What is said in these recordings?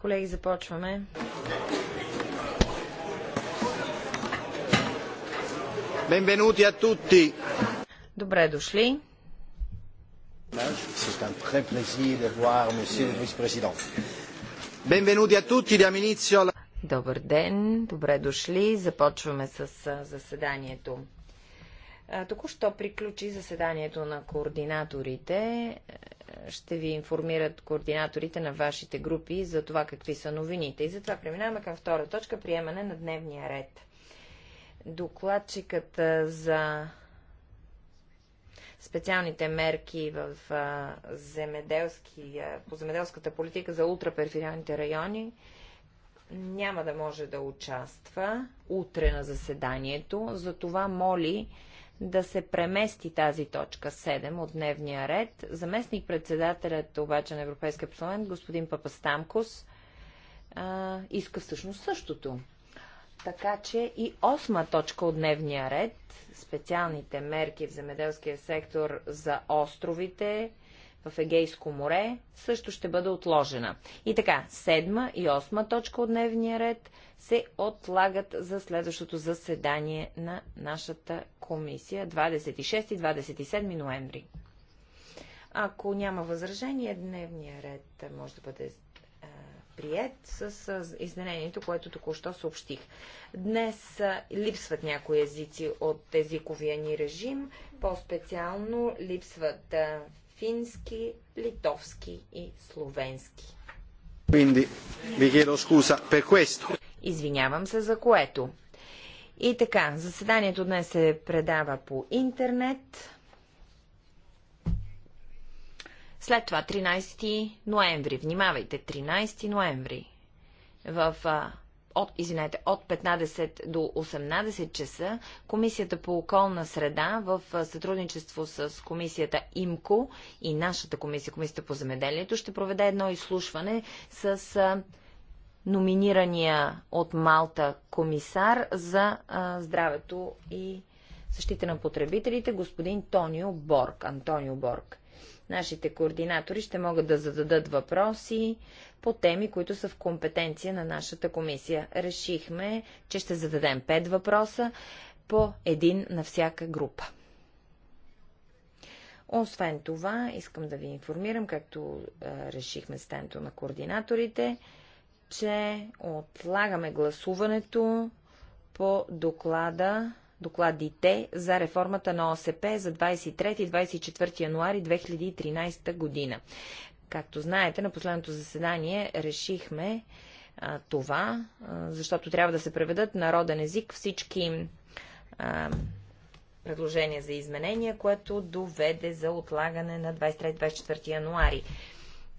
Колеги, започваме. Бенвенути а тути. Добре дошли. Бенвенути а тути, дам иницио. Добър ден, добре дошли. Започваме с заседанието. Току-що приключи заседанието на координаторите ще ви информират координаторите на вашите групи за това какви са новините. И затова преминаваме към втора точка приемане на дневния ред. Докладчикът за специалните мерки в земеделски, по земеделската политика за ултраперферионните райони няма да може да участва утре на заседанието, затова моли да се премести тази точка 7 от дневния ред. Заместник председателят обаче на Европейския парламент, господин Папастамкос, а, иска всъщност същото. Така че и осма точка от дневния ред, специалните мерки в земеделския сектор за островите, в Егейско море също ще бъде отложена. И така, седма и осма точка от дневния ред се отлагат за следващото заседание на нашата комисия 26 и 27 ноември. Ако няма възражение, дневния ред може да бъде прият с, изменението, което току-що съобщих. Днес липсват някои езици от езиковия ни режим, по-специално липсват фински, литовски и словенски. Quindi vi chiedo scusa per questo. Извинявам се за което. И така, заседанието днес се предава по интернет. След това 13 ноември, внимавайте, 13 ноември в от, извинете, от 15 до 18 часа Комисията по околна среда в сътрудничество с Комисията ИМКО и нашата комисия, Комисията по земеделието, ще проведе едно изслушване с номинирания от Малта комисар за здравето и защита на потребителите, господин Тонио Борг, Антонио Борг. Нашите координатори ще могат да зададат въпроси по теми, които са в компетенция на нашата комисия. Решихме, че ще зададем пет въпроса по един на всяка група. Освен това, искам да ви информирам, както решихме с тенто на координаторите, че отлагаме гласуването по доклада докладите за реформата на ОСП за 23-24 януари 2013 година. Както знаете, на последното заседание решихме а, това, а, защото трябва да се преведат народен език всички а, предложения за изменения, което доведе за отлагане на 23-24 януари.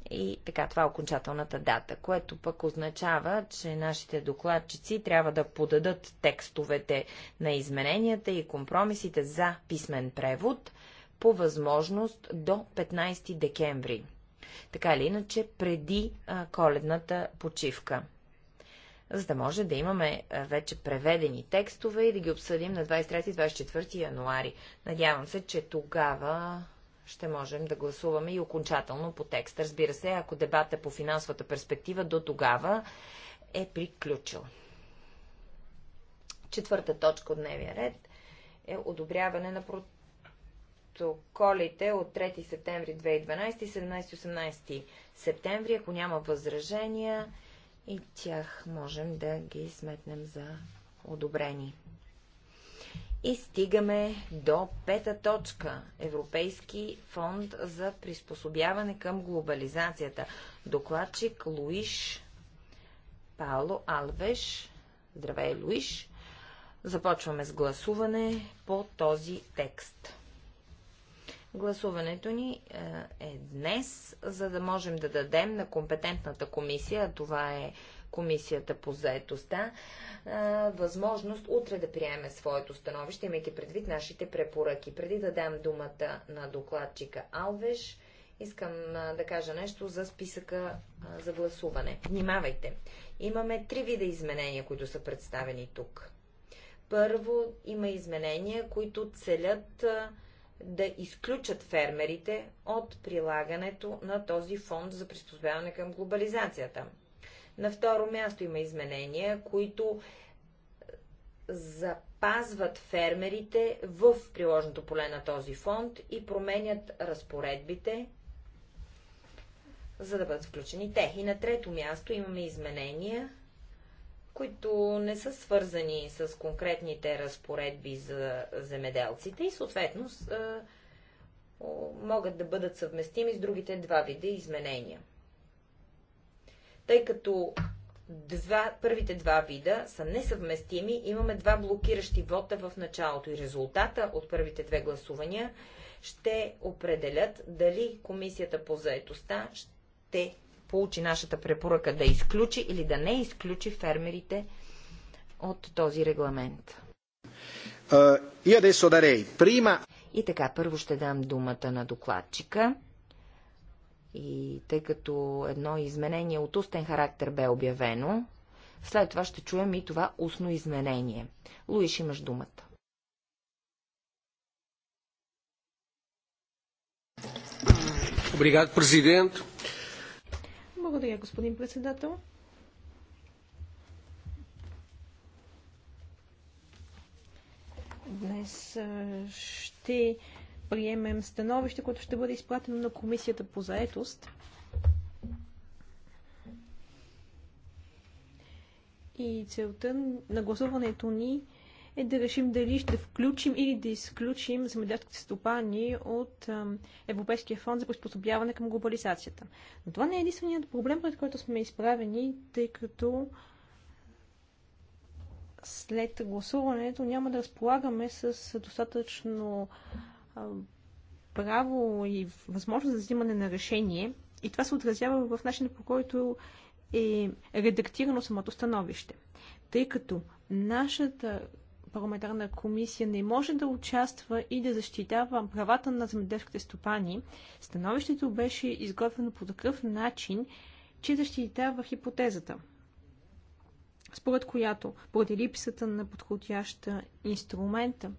И така, това е окончателната дата, което пък означава, че нашите докладчици трябва да подадат текстовете на измененията и компромисите за писмен превод по възможност до 15 декември. Така или иначе, преди а, коледната почивка. За да може да имаме а, вече преведени текстове и да ги обсъдим на 23-24 януари. Надявам се, че тогава ще можем да гласуваме и окончателно по текст. Разбира се, ако дебата по финансовата перспектива до тогава е приключил. Четвърта точка от дневния ред е одобряване на протоколите от 3 септември 2012 и 17-18 септември. Ако няма възражения и тях можем да ги сметнем за одобрени. И стигаме до пета точка – Европейски фонд за приспособяване към глобализацията. Докладчик Луиш Пауло Алвеш. Здравей, Луиш! Започваме с гласуване по този текст. Гласуването ни е, е днес, за да можем да дадем на компетентната комисия, а това е Комисията по заетостта възможност утре да приеме своето становище, имайки предвид нашите препоръки. Преди да дам думата на докладчика Алвеш, искам да кажа нещо за списъка за гласуване. Внимавайте! Имаме три вида изменения, които са представени тук. Първо, има изменения, които целят да изключат фермерите от прилагането на този фонд за приспособяване към глобализацията. На второ място има изменения, които запазват фермерите в приложното поле на този фонд и променят разпоредбите, за да бъдат включени те. И на трето място имаме изменения, които не са свързани с конкретните разпоредби за земеделците и съответно е, могат да бъдат съвместими с другите два вида изменения. Тъй като два, първите два вида са несъвместими, имаме два блокиращи вота в началото и резултата от първите две гласувания ще определят дали комисията по заетостта ще получи нашата препоръка да изключи или да не изключи фермерите от този регламент. Uh, и така, първо ще дам думата на докладчика. И тъй като едно изменение от устен характер бе обявено, след това ще чуем и това устно изменение. Луиш, имаш думата. Обригад, президент. Благодаря, господин председател. Днес ще приемем становище, което ще бъде изпратено на комисията по заетост. И целта на гласуването ни е да решим дали ще включим или да изключим земеделските стопани от Европейския фонд за приспособяване към глобализацията. Но това не е единственият проблем, пред който сме изправени, тъй като след гласуването няма да разполагаме с достатъчно право и възможност за взимане на решение. И това се отразява в начина по който е редактирано самото становище. Тъй като нашата парламентарна комисия не може да участва и да защитава правата на земеделските стопани, становището беше изготвено по такъв начин, че защитава хипотезата, според която поради липсата на подходяща инструмента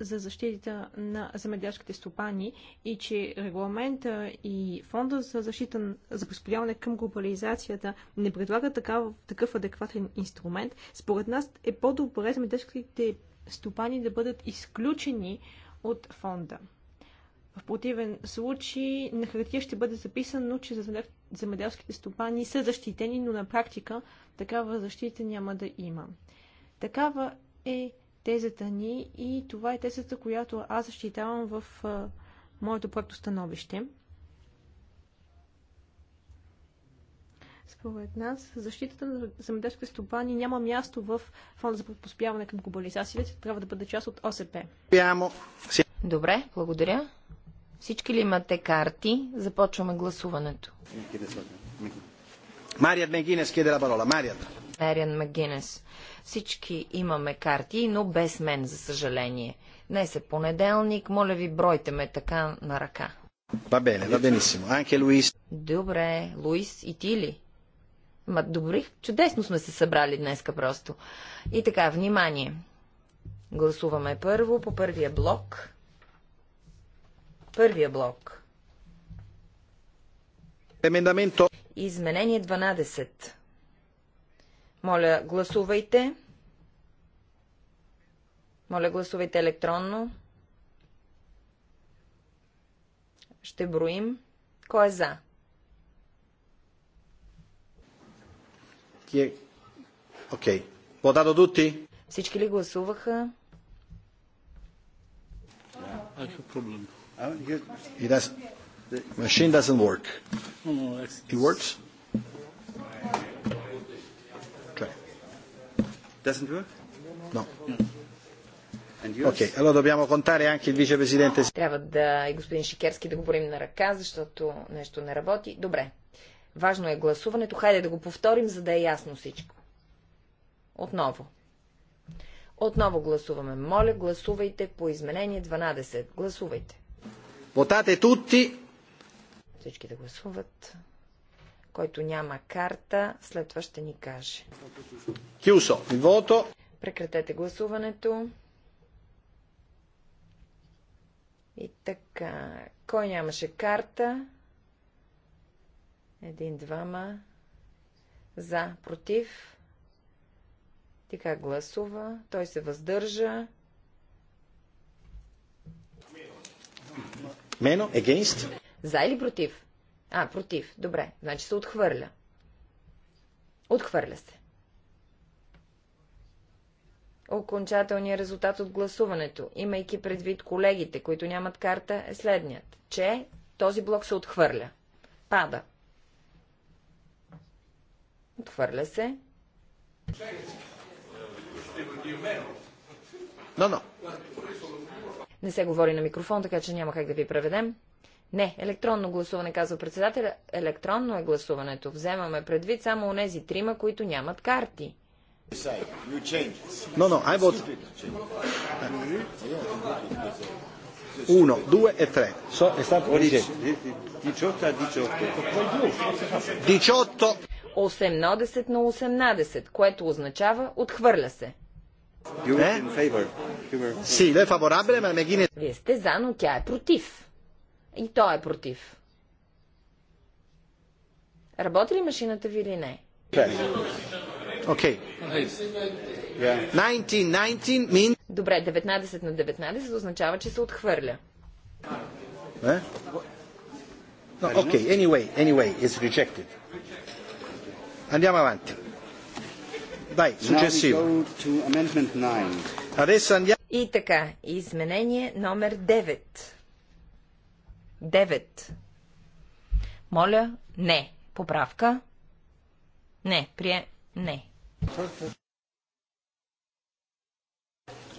за защита на земеделските стопани и че регламента и фонда за защита за приспособяване към глобализацията не предлага такав, такъв адекватен инструмент, според нас е по-добре земеделските стопани да бъдат изключени от фонда. В противен случай на хартия ще бъде записано, че земеделските стопани са защитени, но на практика такава защита няма да има. Такава е тезата ни и това е тезата, която аз защитавам в моето проекто становище. Според нас, защитата на земеделските стопани няма място в фонда за подпоспяване към глобализацията. Трябва да бъде част от ОСП. Добре, благодаря. Всички ли имате карти? Започваме гласуването. Мария Мегинес, кеде ла парола. Мария. Мериан Магинес. Всички имаме карти, но без мен, за съжаление. Днес е понеделник, моля ви, бройте ме така на ръка. Va bene, va benissimo. Анке Луис. Добре, Луис и ти ли? Ма добри, чудесно сме се събрали днеска просто. И така, внимание. Гласуваме първо по първия блок. Първия блок. Емендаменто. Изменение 12. Моля, гласувайте. Моля, гласувайте електронно. Ще броим. Кой е за? Е? Окей. Вода до дути. Всички ли гласуваха? It Машин не работи. Не работи. Doesn't work? No. Okay. Allora dobbiamo contare anche il vicepresidente. Трябва да и господин Шикерски да говорим на ръка, защото нещо не работи. Добре. Важно е гласуването. Хайде да го повторим, за да е ясно всичко. Отново. Отново гласуваме. Моля, гласувайте по изменение 12. Гласувайте. Вотате тутти. Всички да гласуват. Който няма карта, след това ще ни каже. Кюсо, вото. Прекратете гласуването. И така, кой нямаше карта? Един, двама. За, против. Така гласува. Той се въздържа. Мено, against. За или против? А, против. Добре. Значи се отхвърля. Отхвърля се. Окончателният резултат от гласуването, имайки предвид колегите, които нямат карта, е следният, че този блок се отхвърля. Пада. Отхвърля се. Но, но. Не се говори на микрофон, така че няма как да ви преведем. Не, електронно гласуване, казва председателя. Електронно е гласуването. Вземаме предвид само у нези трима, които нямат карти. No, no, I vote. Uno, due e tre. So, è stato 18 18. 18. 18 на 18, което означава отхвърля се. Вие сте за, но тя е против. И той е против. Работи ли машината ви или не? Okay. Yeah. 19, 19 mean... Добре, 19 на 19 означава, че се отхвърля. Eh? No, okay, anyway, anyway, it's rejected. Andiamo avanti. Dai, successivo. Adesso andiamo... И така, изменение номер 9. 9. Моля, не. Поправка. Не, прие... Не.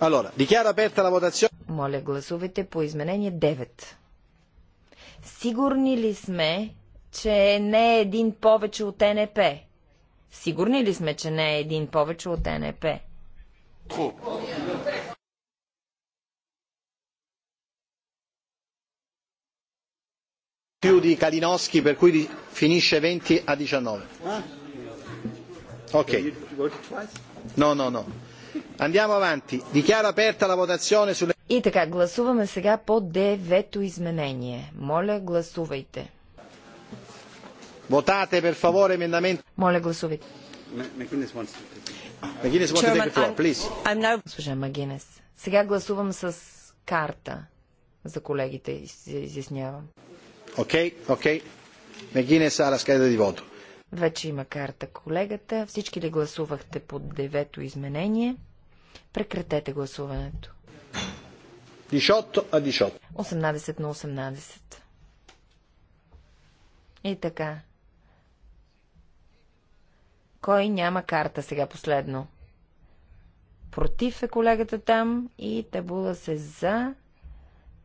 Allora, aperta la votazione. Моля, гласувайте по изменение 9. Сигурни ли сме, че не е един повече от НП? Сигурни ли сме, че не е един повече от НП? più di Kalinowski per cui finisce 20 a 19. Ah. Ok. No, no, no. Andiamo avanti. Dichiaro aperta la votazione sulle... И така, гласуваме сега по девето изменение. Моля, гласувайте. Votate per favore emendamento. Моля, гласувайте. Магинес, now... Госпожа Магинес, сега гласувам с карта за колегите, изяснявам. Окей, окей. Мегине Сара, скай да дивото. Вече има карта колегата. Всички ли гласувахте под девето изменение? Прекратете гласуването. 18 а 18 на 18. И така. Кой няма карта сега последно? Против е колегата там и табула се за.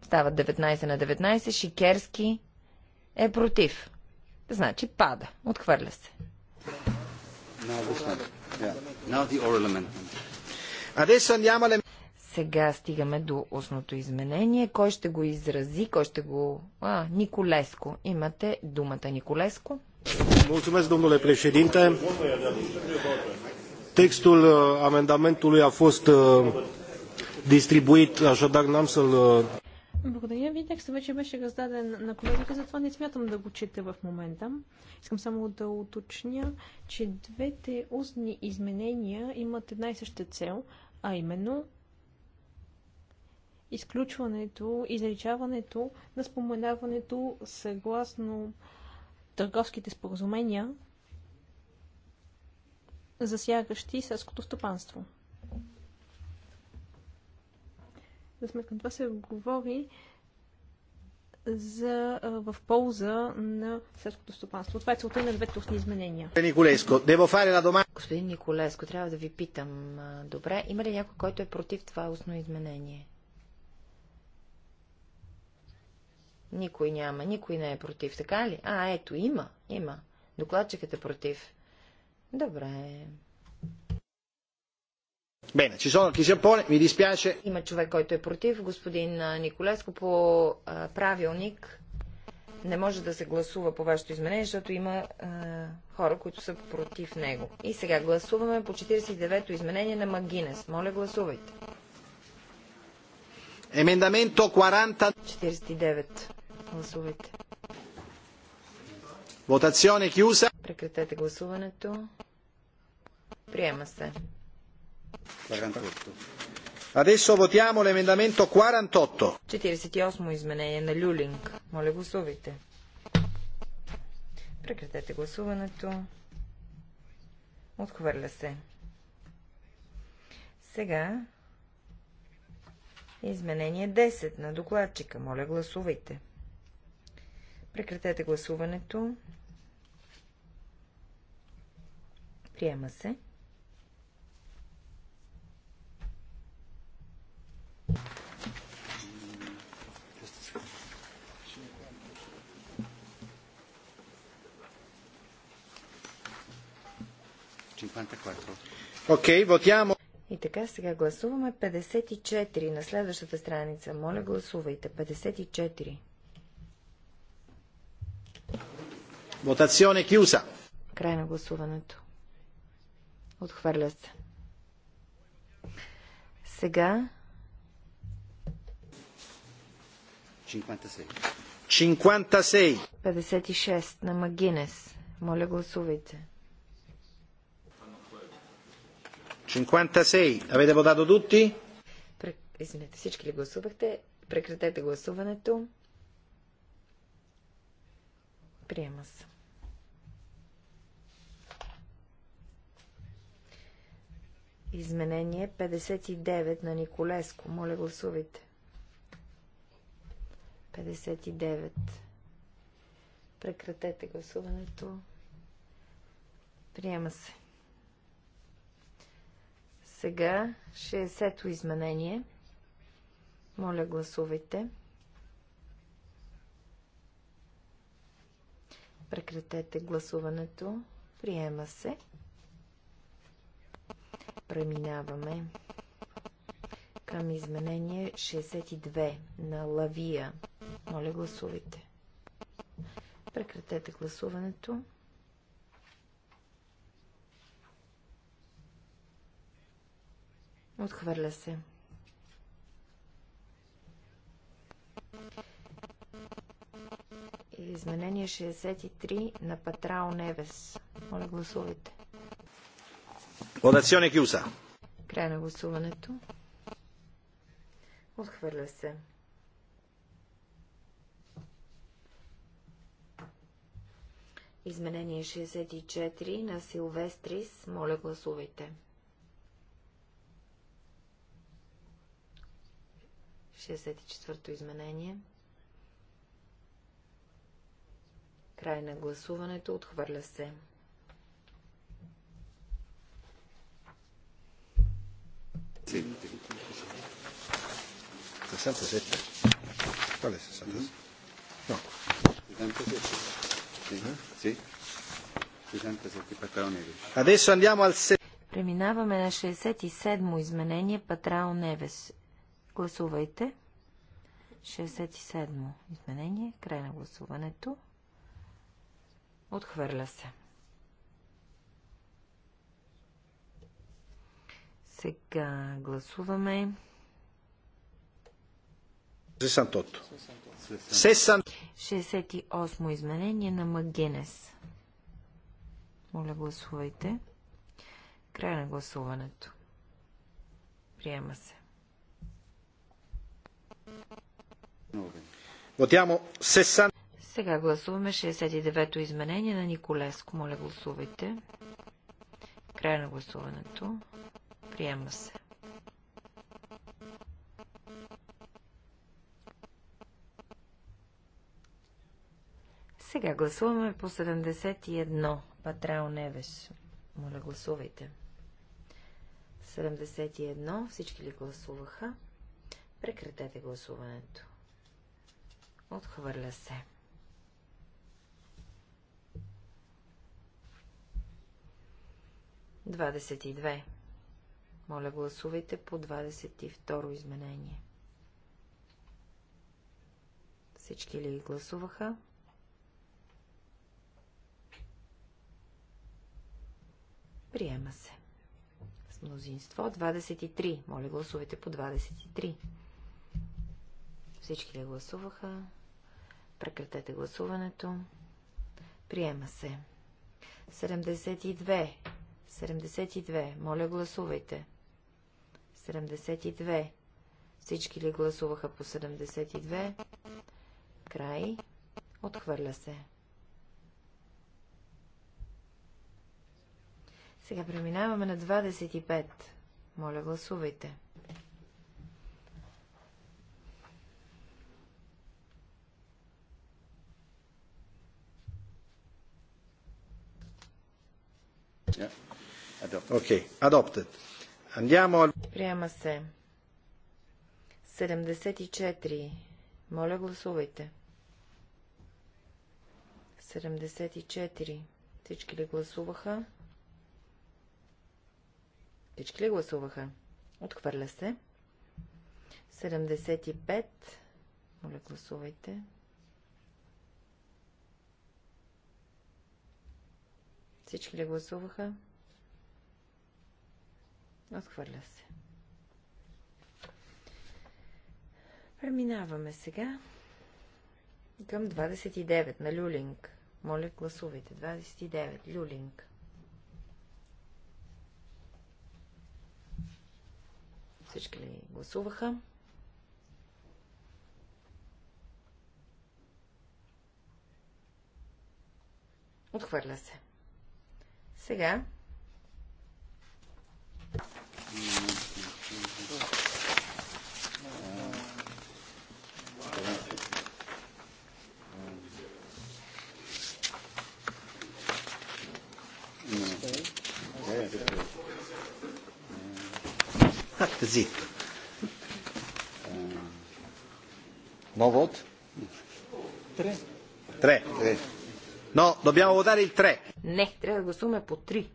Става 19 на 19. Шикерски е против. Значи пада. Отхвърля се. Сега стигаме до устното изменение. Кой ще го изрази? Кой ще го... А, Николеско. Имате думата Николеско. Mulțumesc, domnule președinte. Textul э, amendamentului a fost э, distribuit, așadar n-am să-l... Э, благодаря ви. Текстът вече беше раздаден на колегите, затова не смятам да го чета в момента. Искам само да уточня, че двете устни изменения имат една и съща цел, а именно изключването, изречаването на споменаването съгласно търговските споразумения, засягащи селското стопанство. За сметка на това се говори за, в полза на селското стопанство. Това е целта на двете устни изменения. Николеско, дома. Господин Николеско, трябва да ви питам. Добре, има ли някой, който е против това устно изменение? Никой няма, никой не е против, така ли? А, ето, има, има. Докладчикът е против. Добре ci sono chi si oppone, mi dispiace. Има човек, който е против. Господин Николеско по правилник не може да се гласува по вашето изменение, защото има хора, които са против него. И сега гласуваме по 49-то изменение на Магинес. Моля, гласувайте. Емендаменто 40... 49. Гласувайте. Вотационе кюса. Прекратете гласуването. Приема се. Adesso votiamo l'emendamento 48. 48 изменение на Люлинг. Моля гласувайте. Прекратете гласуването. Отхвърля се. Сега изменение 10 на докладчика. Моля гласувайте. Прекратете гласуването. Приема се. Окей, okay, И така сега гласуваме 54 на следващата страница. Моля, гласувайте. 54. Votazione chiusa. Край на гласуването. Отхвърля се. Сега 56. 56. на Магинес. Моля гласувайте. 56. Авете водато tutti? Извинете, всички ли гласувахте? Прекратете гласуването. Приема се. Изменение 59 на Николеско. Моля гласувайте. 59. Прекратете гласуването. Приема се. Сега 60-то изменение. Моля, гласувайте. Прекратете гласуването. Приема се. Преминаваме към изменение 62 на Лавия. Моля, гласувайте. Прекратете гласуването. Отхвърля се. Изменение 63 на Патрао Невес. Моля, гласувайте. Водационе Кюса. Край на гласуването. Отхвърля се. Изменение 64 на Силвестрис. Моля, гласувайте. 64-то изменение. Край на гласуването. Отхвърля се. Цените. 67. ¿Cuál es 67? No. 67. Sì. Sì. 67 Патраоневи. Adesso andiamo al Преминаваме на 67-мо изменение Патрао Невес. Гласувайте. 67-мо изменение. Край на гласуването. Отхвърля се. Сега гласуваме 68. 68 изменение на Магенес. Моля, гласувайте. Край на гласуването. Приема се. Сега гласуваме 69-то изменение на Николеско. Моля, гласувайте. Край на гласуването. Приема се. Сега гласуваме по 71. Патрао Невеш. Моля, гласувайте. 71. Всички ли гласуваха? Прекратете гласуването. Отхвърля се. Двадесет и две. Моля, гласувайте по 22 изменение. Всички ли гласуваха? Приема се. С мнозинство 23. Моля, гласувайте по 23. Всички ли гласуваха? Прекратете гласуването. Приема се. 72. 72. Моля, гласувайте. 72. Всички ли гласуваха по 72? Край. Отхвърля се. Сега преминаваме на 25. Моля, гласувайте. Окей, yeah. adopted. Andiamo... Приема се. 74. Моля, гласувайте. 74. Всички ли гласуваха? Всички ли гласуваха? Отхвърля се. 75. Моля, гласувайте. Всички ли гласуваха? Отхвърля се. Преминаваме сега към 29 на Люлинг. Моля, гласувайте. 29. Люлинг. Всички ли гласуваха? Отхвърля се. Сега. zip. No vote? Tre. Tre. No, dobbiamo votare il 3. Не, трябва да гласуваме по 3.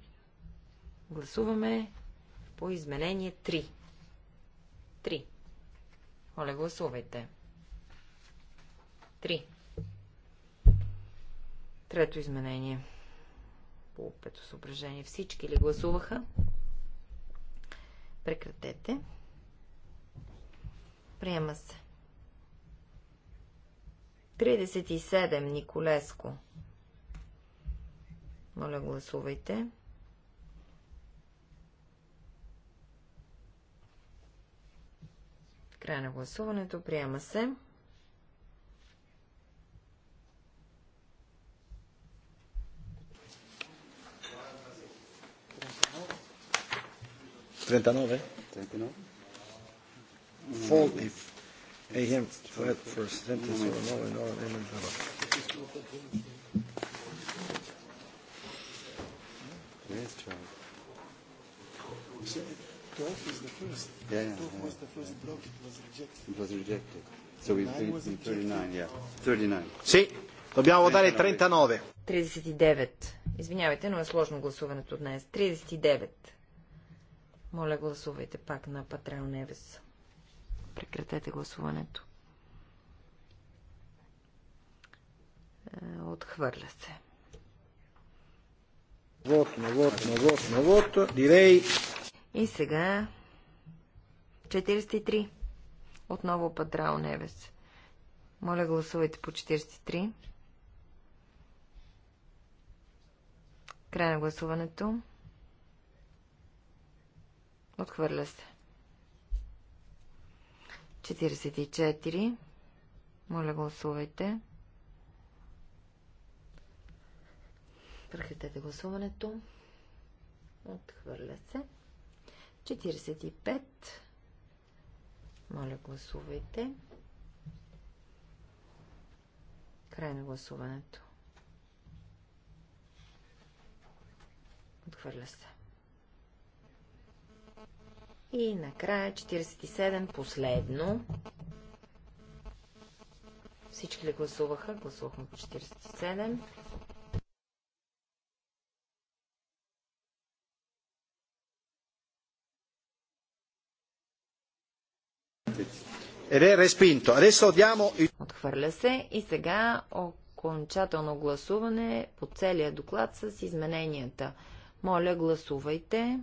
Гласуваме по изменение 3. 3. Оле, гласувайте. 3. Трето изменение. По пето съображение всички ли гласуваха? Прекратете. Приема се. 37. Николеско. Моля, гласувайте. Край на гласуването. Приема се. 39? 39. Fall if AM threat for sentence or no and all amendment is the first. Yeah, yeah, yeah. was the first block. It was rejected. It was rejected. So we, we, we 39, yeah. 39. Sì, dobbiamo votare 39. 39. Извинявайте, но е сложно гласуването днес. 39. Моля, гласувайте пак на Патрел Невес. Прекратете гласуването. Е, отхвърля се. Вот, на вот, на вот, на вот, дирей. И сега 43. Отново Патрал Невес. Моля, гласувайте по 43. Край на гласуването. Отхвърля се. 44. Моля, гласувайте. Прекратете гласуването. Отхвърля се. 45. Моля, гласувайте. Край на гласуването. Отхвърля се. И накрая 47 последно. Всички ли гласуваха? Гласувахме по 47. Отхвърля се и сега окончателно гласуване по целия доклад с измененията. Моля, гласувайте.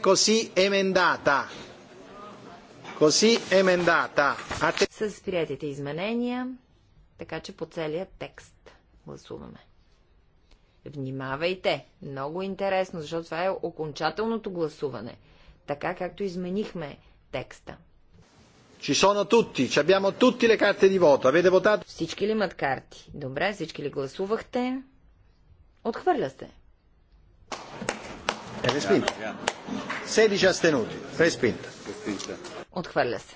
Così emendata. Così emendata. С приятите изменения, така че по целия текст гласуваме. Внимавайте! Много интересно, защото това е окончателното гласуване. Така както изменихме текста. Ci sono tutti, ci abbiamo tutti le carte di voto. Avete votato? Всички ли имат карти? Добре, всички ли гласувахте? Отхвърля се. Е, респинто. 16 astenuti. Respinta. Отхвърля се.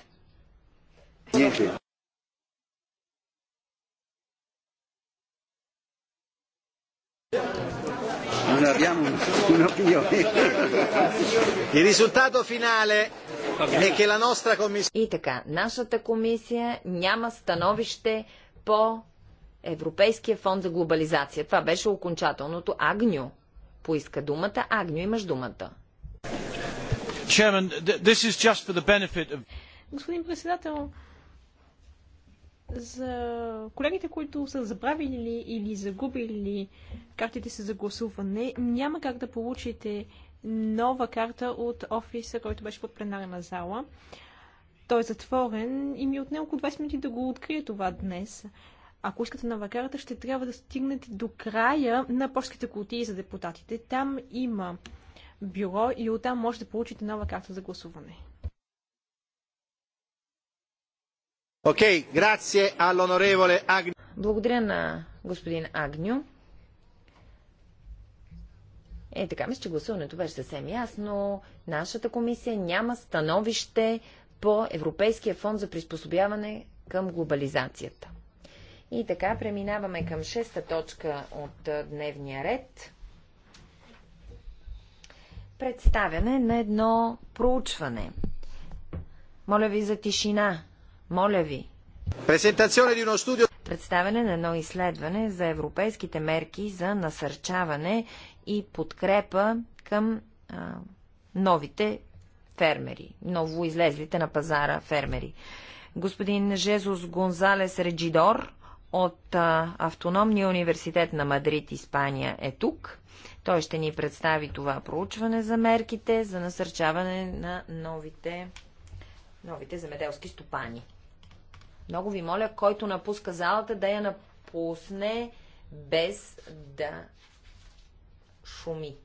Non abbiamo un'opinione. Il risultato finale е che la nostra комисия... И така, нашата комисия няма становище по Европейския фонд за глобализация. Това беше окончателното. Агню поиска думата. Агню, имаш думата. Господин председател, за колегите, които са забравили или загубили картите си за гласуване, няма как да получите нова карта от офиса, който беше под пленарна зала. Той е затворен и ми е отне около 20 минути да го открия това днес. Ако искате нова карта, ще трябва да стигнете до края на почтските култии за депутатите. Там има бюро и оттам може да получите нова карта за гласуване. Okay, grazie all'onorevole Agnew. Благодаря на господин Агню. Е, така мисля, че гласуването беше съвсем ясно. Нашата комисия няма становище по Европейския фонд за приспособяване към глобализацията. И така преминаваме към шеста точка от дневния ред представяне на едно проучване. Моля ви за тишина. Моля ви. Представяне на едно изследване за европейските мерки за насърчаване и подкрепа към а, новите фермери, ново излезлите на пазара фермери. Господин Жезус Гонзалес Реджидор от а, Автономния университет на Мадрид, Испания е тук. Той ще ни представи това проучване за мерките за насърчаване на новите, новите земеделски стопани. Много ви моля, който напуска залата, да я напусне без да шуми.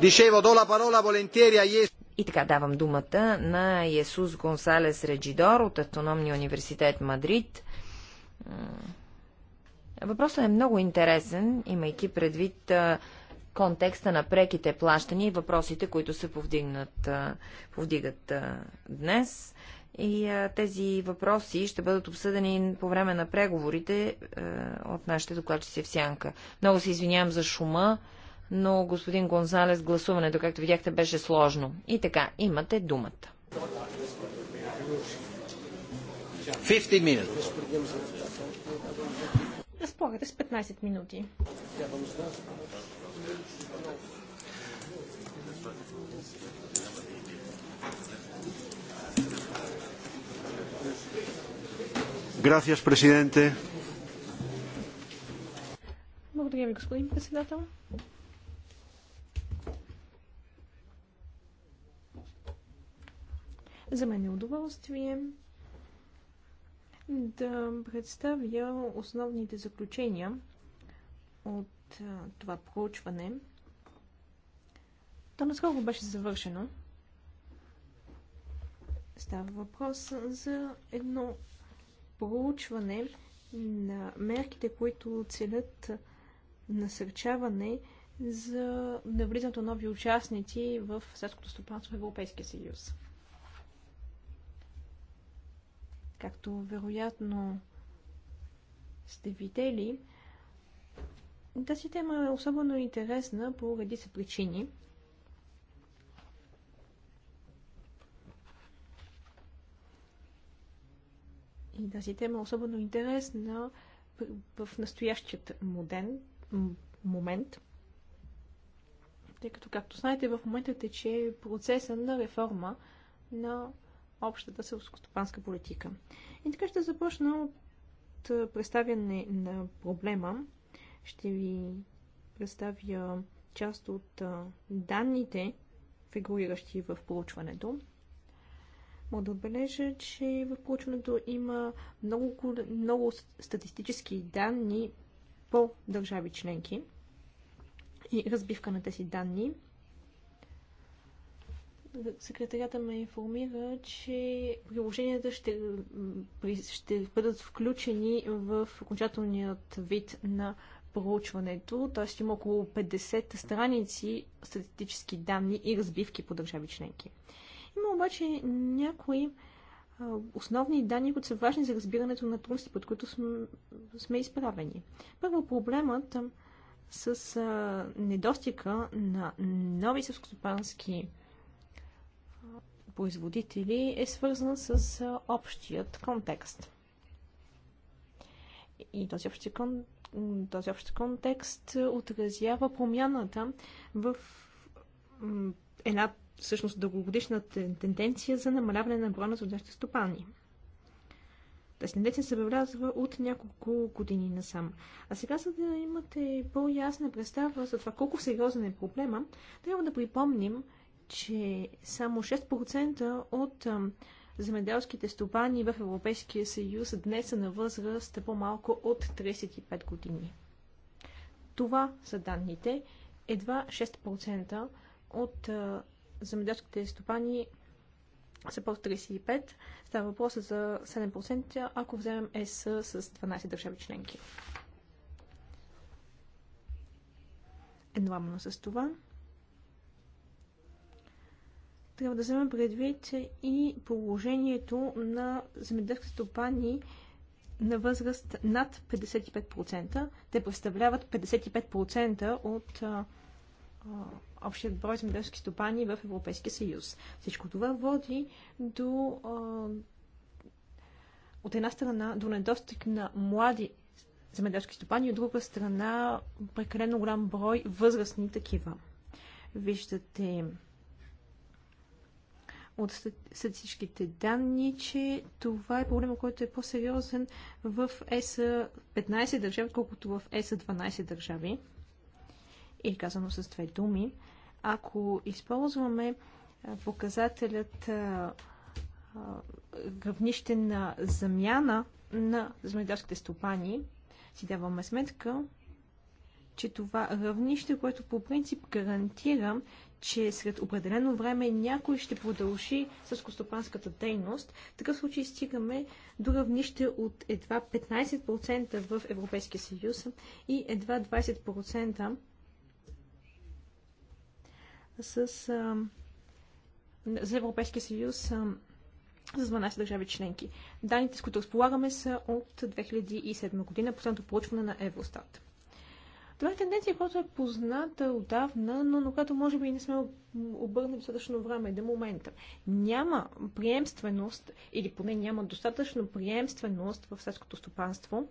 Дишево, дола парола, parola И така давам думата на Есус Гонсалес Реджидор от Автономния университет Мадрид. Въпросът е много интересен, имайки предвид контекста на преките плащания и въпросите, които се повдигнат, повдигат днес. И тези въпроси ще бъдат обсъдени по време на преговорите от нашите докладчици в Сянка. Много се извинявам за шума, но господин Гонзалес, гласуването, както видяхте, беше сложно. И така, имате думата. 50 минути. Разполагате с 15 минути. Gracias, presidente. Благодаря ви, господин председател. За мен е удоволствие да представя основните заключения от това проучване. То наскоро беше завършено. Става въпрос за едно проучване на мерките, които целят насърчаване за навлизането нови участници в съветското стопанство в Европейския съюз. Както вероятно сте видели, тази тема е особено интересна по редица причини. И тази тема е особено интересна в настоящият моден, момент, тъй като, както знаете, в момента тече процеса на реформа на общата селскостопанска политика. И така ще започна от представяне на проблема. Ще ви представя част от данните, фигуриращи в проучването. Мога да отбележа, че в проучването има много, много статистически данни по държави членки и разбивка на тези данни – секретарята ме информира, че приложенията ще, ще бъдат включени в окончателният вид на проучването, т.е. има около 50 страници статистически данни и разбивки по държави членки. Има обаче някои основни данни, които са важни за разбирането на трудности, под които сме изправени. Първо проблемът с недостига на нови селскостопански производители е свързан с общият контекст. И този общи, кон... този общ контекст отразява промяната в една всъщност дългогодишна тенденция за намаляване на броя на трудящи стопани. Тази тенденция се въвлязва от няколко години насам. А сега, за да имате по-ясна представа за това колко сериозен е проблема, трябва да припомним, че само 6% от земеделските стопани в Европейския съюз днес са на възраст по-малко от 35 години. Това са данните. Едва 6% от земеделските стопани са по 35. Става въпрос за 7%, ако вземем ЕС с 12 държави членки. Едновременно с това, трябва да вземем предвид и положението на земеделски стопани на възраст над 55%. Те представляват 55% от а, а, общият брой земеделски стопани в Европейския съюз. Всичко това води до а, от една страна до недостиг на млади земеделски стопани, от друга страна прекалено голям брой възрастни такива. Виждате от статистическите данни, че това е проблема, който е по-сериозен в ЕС 15 държави, колкото в ЕС 12 държави. Или казано с две думи, ако използваме показателят равнище на замяна на земеделските стопани, си даваме сметка, че това равнище, което по принцип гарантира, че след определено време някой ще продължи с костопанската дейност. В такъв случай стигаме до равнище от едва 15% в Европейския съюз и едва 20% с, а, за Европейския съюз а, за 12 държави членки. Данните, с които разполагаме, са от 2007 година, последното проучване на Евростат. Това е тенденция, която е позната отдавна, но на която може би не сме обърнали достатъчно време до момента. Няма приемственост, или поне няма достатъчно приемственост в селското стопанство.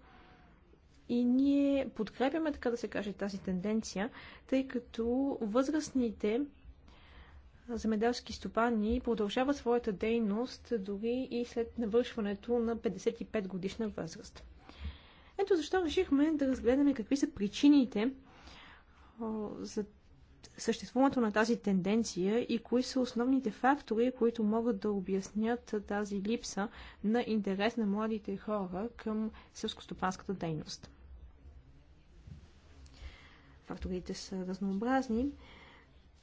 И ние подкрепяме, така да се каже, тази тенденция, тъй като възрастните земеделски стопани продължават своята дейност дори и след навършването на 55 годишна възраст. Ето защо решихме да разгледаме какви са причините за съществуването на тази тенденция и кои са основните фактори, които могат да обяснят тази липса на интерес на младите хора към селскостопанската дейност. Факторите са разнообразни.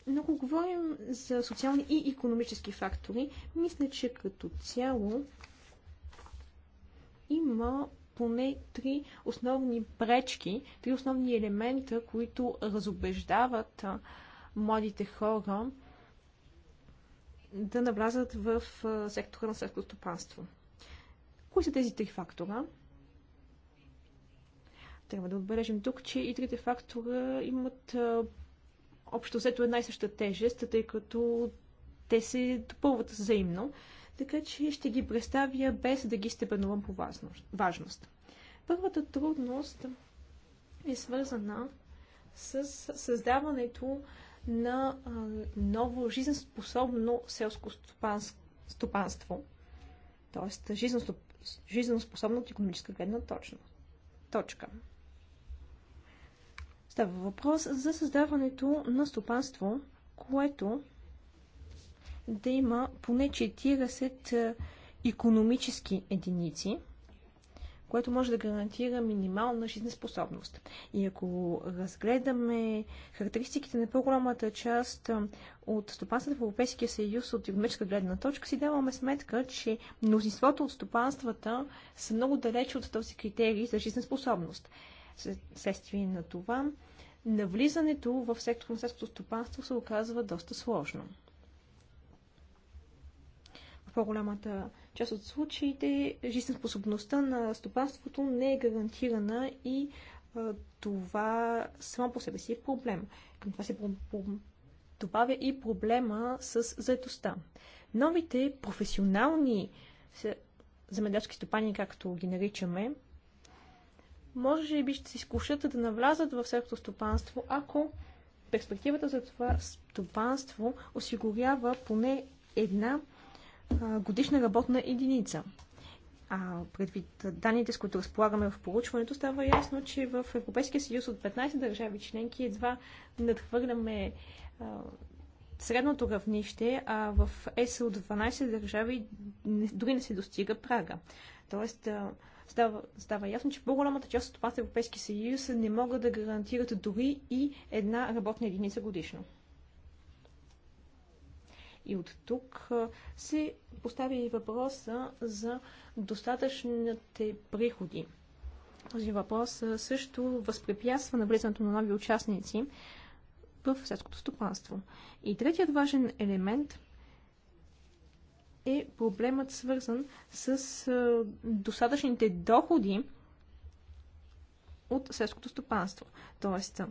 Но ако говорим за социални и економически фактори. Мисля, че като цяло има поне три основни пречки, три основни елемента, които разобеждават младите хора да навлязат в сектора на селското стопанство. Кои са тези три фактора? Трябва да отбележим тук, че и трите фактора имат общо взето една и съща тежест, тъй като те се допълват взаимно така че ще ги представя без да ги степенувам по важност. Първата трудност е свързана с създаването на ново жизнеспособно селско стопанство, т.е. жизнеспособно от економическа гледна точно. точка. Става въпрос за създаването на стопанство, което да има поне 40 економически единици, което може да гарантира минимална жизнеспособност. И ако разгледаме характеристиките на по-голямата част е, от стопанствата в Европейския съюз от економическа гледна точка, си даваме сметка, че мнозинството от стопанствата са много далече от този критерий за жизнеспособност. Следствие на това, навлизането в сектор на селското стопанство се оказва доста сложно по-голямата част от случаите жизнеспособността на стопанството не е гарантирана и а, това само по себе си е проблем. Към това се добавя и проблема с заедостта. Новите професионални земеделски стопани, както ги наричаме, може би ще се изкушат да навлязат в селското стопанство, ако перспективата за това стопанство осигурява поне една годишна работна единица. А предвид данните, с които разполагаме в поручването, става ясно, че в Европейския съюз от 15 държави членки едва надхвърляме а, средното равнище, а в ЕС от 12 държави дори не се достига прага. Тоест, а, става, става ясно, че по-голямата част от това Европейския съюз не могат да гарантират дори и една работна единица годишно. И от тук се поставя и въпроса за достатъчните приходи. Този въпрос също възпрепятства навлизането на нови участници в сетското стопанство. И третият важен елемент е проблемът свързан с достатъчните доходи от сетското стопанство. Тоест,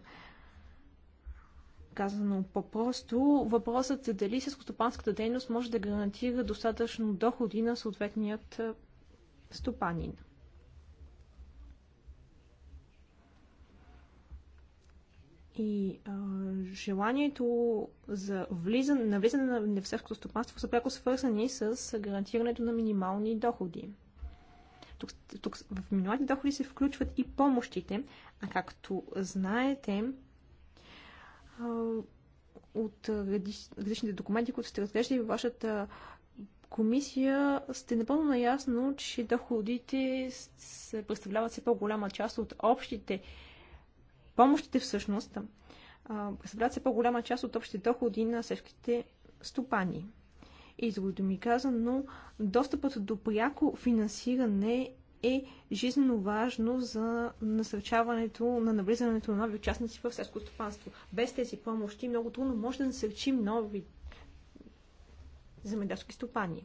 Казано по-просто, въпросът е дали селскостопанската дейност може да гарантира достатъчно доходи на съответният е, стопанин. И а, желанието за влизане, навлизане на селското стопанство са пряко свързани с гарантирането на минимални доходи. Тук, тук в минималните доходи се включват и помощите, а както знаете, от различните документи, които сте разглеждали във вашата комисия, сте напълно наясно, че доходите се представляват все по-голяма част от общите помощите всъщност, представляват все по-голяма част от общите доходи на сельските стопани. И за ми казано, достъпът до пряко финансиране е жизненно важно за насърчаването на навлизането на нови участници в селско стопанство. Без тези помощи много трудно може да насърчим нови земеделски стопани.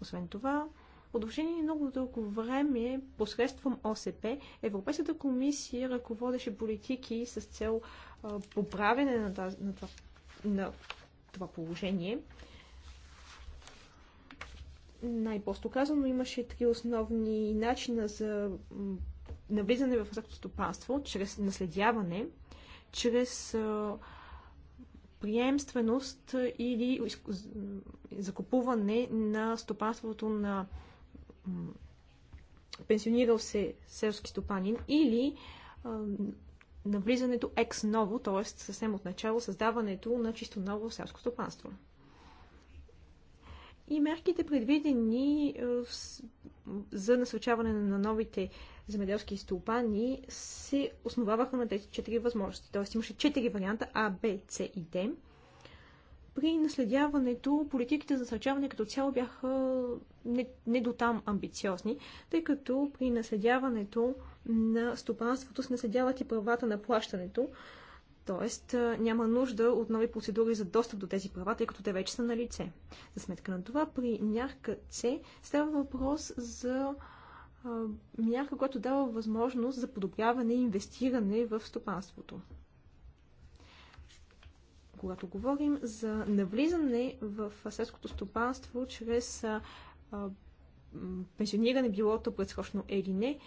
Освен това, Продължение много дълго време, посредством ОСП, Европейската комисия ръководеше политики с цел поправене на това положение най-просто казано, имаше три основни начина за навлизане в ръкто стопанство, чрез наследяване, чрез приемственост или закупуване на стопанството на пенсионирал се селски стопанин или навлизането екс ново, т.е. съвсем от начало създаването на чисто ново селско стопанство и мерките предвидени е, за насърчаване на новите земеделски стопани се основаваха на тези четири възможности. Тоест имаше четири варианта А, Б, С и Д. При наследяването политиките за насърчаване като цяло бяха не, не до там амбициозни, тъй като при наследяването на стопанството се наследяват и правата на плащането, Тоест няма нужда от нови процедури за достъп до тези права, тъй като те вече са на лице. За сметка на това, при мярка С става въпрос за а, мярка, която дава възможност за подобряване и инвестиране в стопанството. Когато говорим за навлизане в селското стопанство чрез а, а, пенсиониране, било то предсрочно или не,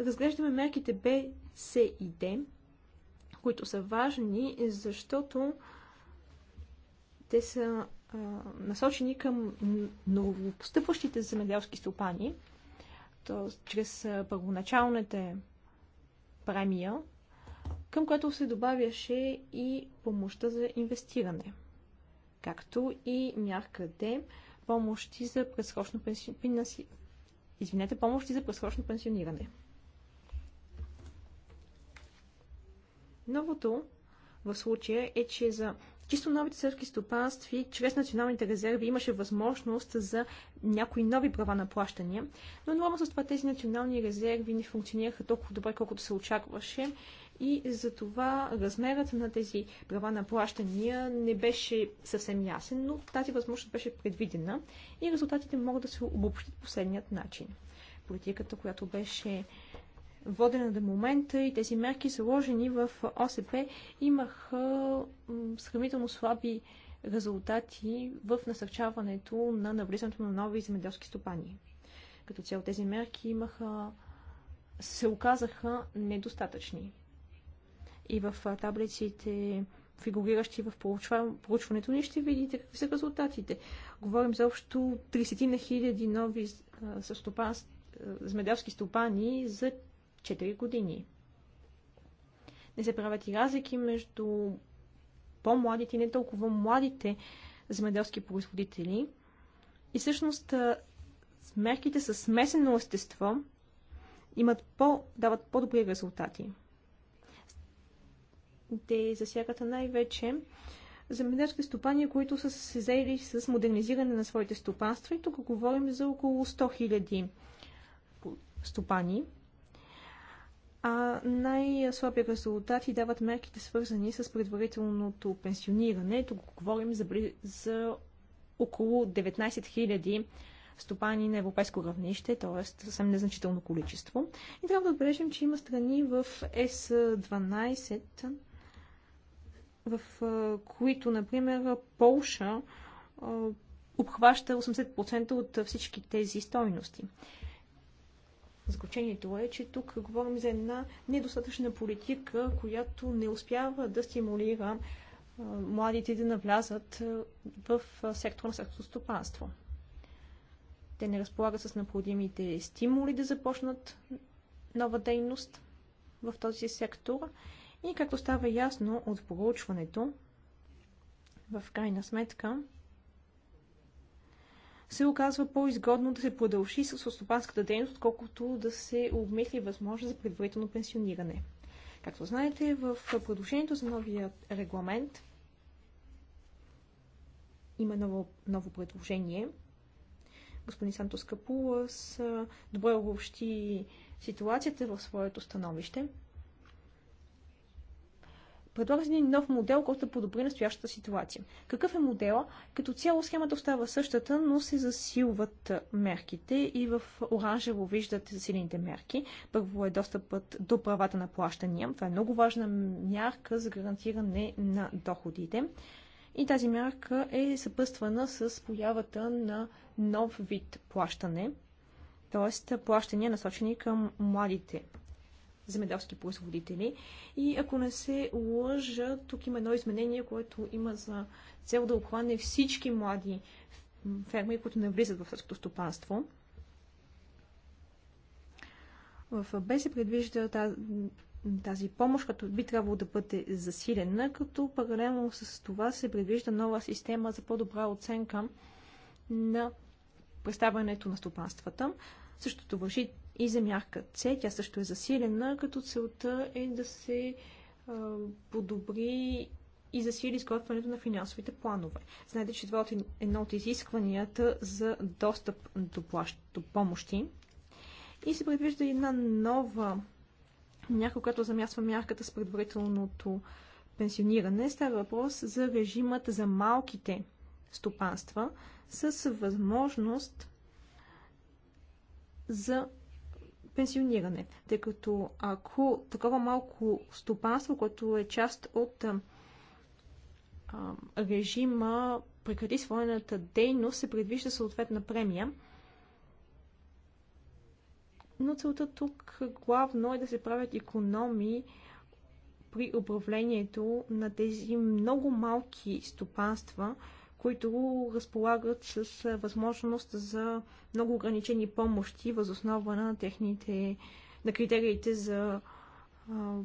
разглеждаме мерките Б, С и Д, които са важни, защото те са а, насочени към новопостъпващите земеделски стопани, т.е. чрез първоначалната премия, към което се добавяше и помощта за инвестиране, както и мярка Д, помощи за предсрочно пенсиониране. Извинете, помощи за предсрочно пенсиониране. Новото в случая е, че за чисто новите сърски стопанстви, чрез националните резерви имаше възможност за някои нови права на плащания, но нормално с това тези национални резерви не функционираха толкова добре, колкото се очакваше и за това размерът на тези права на плащания не беше съвсем ясен, но тази възможност беше предвидена и резултатите могат да се обобщат последният начин. Политиката, която беше водена до момента и тези мерки заложени в ОСП имаха сравнително слаби резултати в насърчаването на навлизането на нови земеделски стопани. Като цяло тези мерки имаха, се оказаха недостатъчни. И в таблиците, фигуриращи в проучването ни, ще видите какви са резултатите. Говорим за общо 30 на хиляди нови земеделски стопани за 4 години. Не се правят и разлики между по-младите и не толкова младите земеделски производители. И всъщност мерките с смесено естество имат по, дават по-добри резултати. Те засягат най-вече земеделски стопани, които са се заели с модернизиране на своите стопанства. И тук говорим за около 100 000 стопани а най резултат резултати дават мерките свързани с предварителното пенсиониране. Тук говорим за, за около 19 000 стопани на европейско равнище, т.е. съвсем незначително количество. И трябва да отбележим, че има страни в С12, в които, например, Полша обхваща 80% от всички тези стойности. Заключението е, че тук говорим за една недостатъчна политика, която не успява да стимулира младите да навлязат в сектора на сектор стопанство. Те не разполагат с необходимите стимули да започнат нова дейност в този сектор и както става ясно от проучването, в крайна сметка се оказва по-изгодно да се продължи с стопанската дейност, отколкото да се обмисли възможност за предварително пенсиониране. Както знаете, в предложението за новия регламент има ново, ново предложение. Господин Сантос Капулас добре обобщи ситуацията в своето становище. Предлага се един нов модел, който да подобри настоящата ситуация. Какъв е модела? Като цяло схемата остава същата, но се засилват мерките и в оранжево виждате засилените мерки. Първо е достъпът до правата на плащания. Това е много важна мярка за гарантиране на доходите. И тази мярка е съпъствана с появата на нов вид плащане, т.е. плащания насочени към младите земеделски производители. И ако не се лъжа, тук има едно изменение, което има за цел да обхване всички млади ферми, които не влизат в сърското стопанство. В Б се предвижда тази помощ, като би трябвало да бъде засилена, като паралелно с това се предвижда нова система за по-добра оценка на представянето на стопанствата. Същото въжи и за мярка С. Тя също е засилена, като целта е да се а, подобри и засили изготвянето на финансовите планове. Знаете, че това е едно от изискванията за достъп до, плащ, до помощи. И се предвижда една нова мярка, която замясва мярката с предварителното пенсиониране. Става въпрос за режимът за малките стопанства с възможност за пенсиониране. Тъй като ако такова малко стопанство, което е част от а, режима, прекрати своената дейност, се предвижда съответна премия. Но целта тук главно е да се правят економии при управлението на тези много малки стопанства, които разполагат с възможност за много ограничени помощи възоснова на техните, на критериите за а,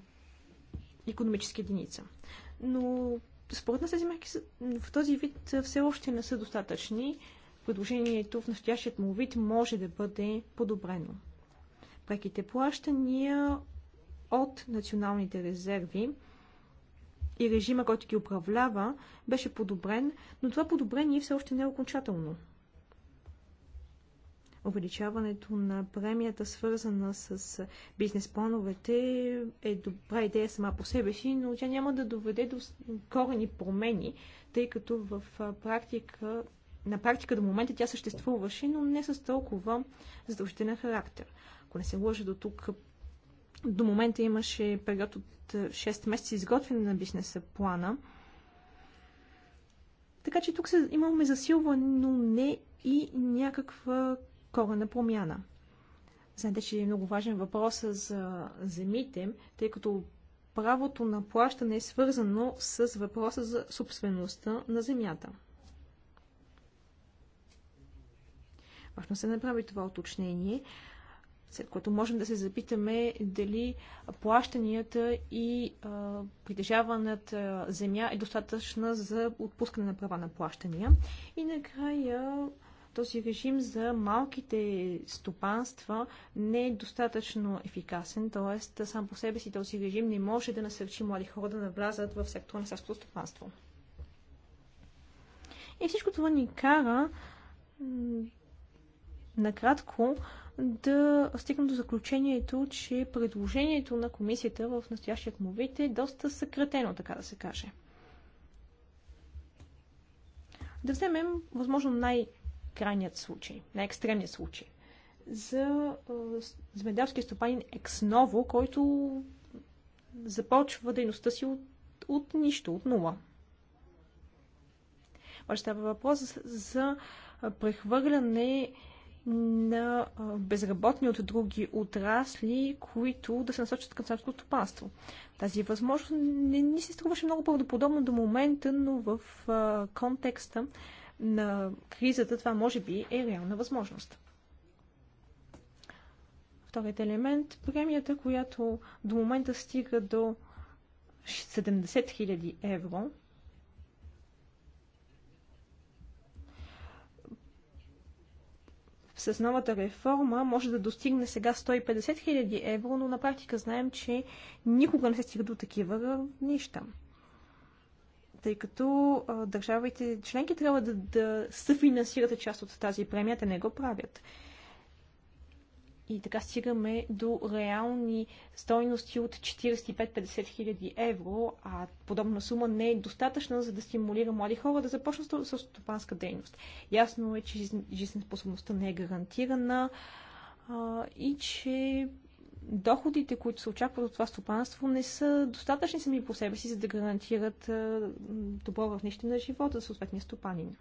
економически единица. Но според нас тези мерки в този вид все още не са достатъчни. Предложението в настоящият му вид може да бъде подобрено. Преките плащания от националните резерви и режима, който ги управлява, беше подобрен, но това подобрение все още не е окончателно. Увеличаването на премията, свързана с бизнес плановете, е добра идея сама по себе си, но тя няма да доведе до корени промени, тъй като в практика на практика до момента тя съществуваше, но не с толкова задължителен характер. Ако не се лъжа до тук, до момента имаше период от 6 е, месеца изготвяне на бизнеса плана. Така че тук имаме засилване, но не и някаква корена промяна. Знаете, че е много важен въпрос за земите, тъй като правото на плащане е свързано с въпроса за собствеността на земята. Важно се направи това уточнение след което можем да се запитаме дали плащанията и а, притежаваната земя е достатъчна за отпускане на права на плащания. И накрая този режим за малките стопанства не е достатъчно ефикасен, т.е. сам по себе си този режим не може да насърчи млади хора да навлязат в сектора на селското стопанство. И всичко това ни кара накратко да стигна до заключението, че предложението на комисията в настоящият му вид е доста съкратено, така да се каже. Да вземем, възможно, най-крайният случай, най-екстремният случай за земеделския стопанин Ексново, който започва дейността си от, от нищо, от нула. Може става въпрос за прехвърляне на безработни от други отрасли, които да се насочат към селското стопанство. Тази възможност не ни се струваше много правдоподобно до момента, но в контекста на кризата това може би е реална възможност. Вторият елемент премията, която до момента стига до 70 000 евро – с новата реформа може да достигне сега 150 000 евро, но на практика знаем, че никога не се стига до такива неща. Тъй като държавите членки трябва да, да съфинансират част от тази премия, те не го правят. И така стигаме до реални стойности от 45-50 хиляди евро, а подобна сума не е достатъчна, за да стимулира млади хора да започнат с стопанска дейност. Ясно е, че жизнеспособността не е гарантирана а, и че доходите, които се очакват от това стопанство, не са достатъчни сами по себе си, за да гарантират добро равнище на живота за съответния стопанин.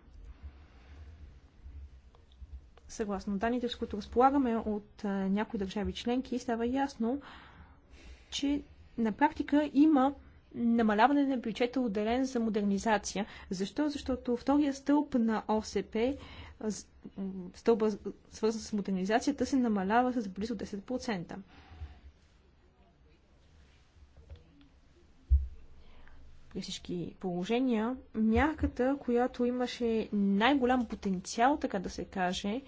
Съгласно данните, с които разполагаме от някои държави членки, става ясно, че на практика има намаляване на бюджета, отделен за модернизация. Защо? Защото втория стълб на ОСП, стълба свързан с модернизацията, се намалява с близо 10%. при всички положения, мярката, която имаше най-голям потенциал, така да се каже,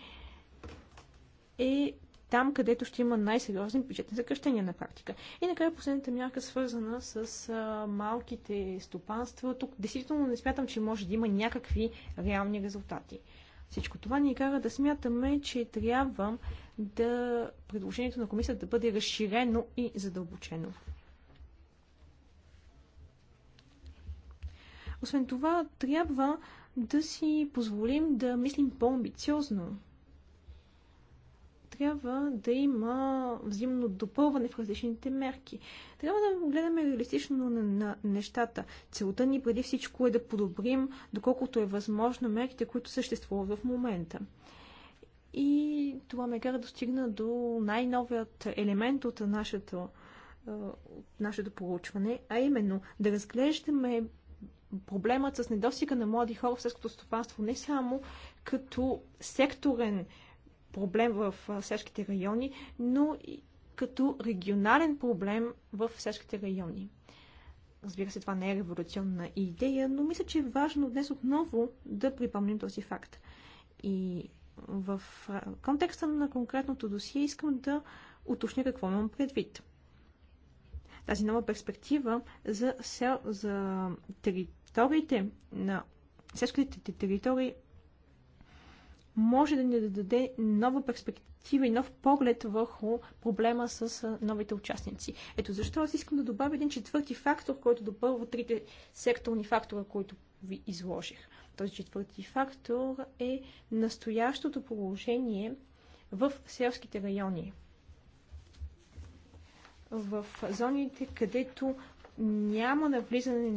е там, където ще има най-сериозни бюджетни съкръщения на практика. И накрая последната мярка, свързана с а, малките стопанства, тук действително не смятам, че може да има някакви реални резултати. Всичко това ни кара да смятаме, че трябва да предложението на комисията да бъде разширено и задълбочено. Освен това, трябва да си позволим да мислим по-амбициозно. Трябва да има взаимно допълване в различните мерки. Трябва да гледаме реалистично на, на нещата. Целта ни преди всичко е да подобрим, доколкото е възможно, мерките, които съществуват в момента. И това ме кара да стигна до най-новият елемент от нашето, е, от нашето проучване, а именно да разглеждаме проблемът с недостига на млади хора в селското стопанство не само като секторен проблем в селските райони, но и като регионален проблем в селските райони. Разбира се, това не е революционна идея, но мисля, че е важно днес отново да припомним този факт. И в контекста на конкретното досие искам да уточня какво имам предвид. Тази нова перспектива за, сел, за, териториите на селските територии може да ни даде нова перспектива и нов поглед върху проблема с новите участници. Ето защо аз искам да добавя един четвърти фактор, който допълва трите секторни фактора, които ви изложих. Този четвърти фактор е настоящото положение в селските райони. В зоните, където няма навлизане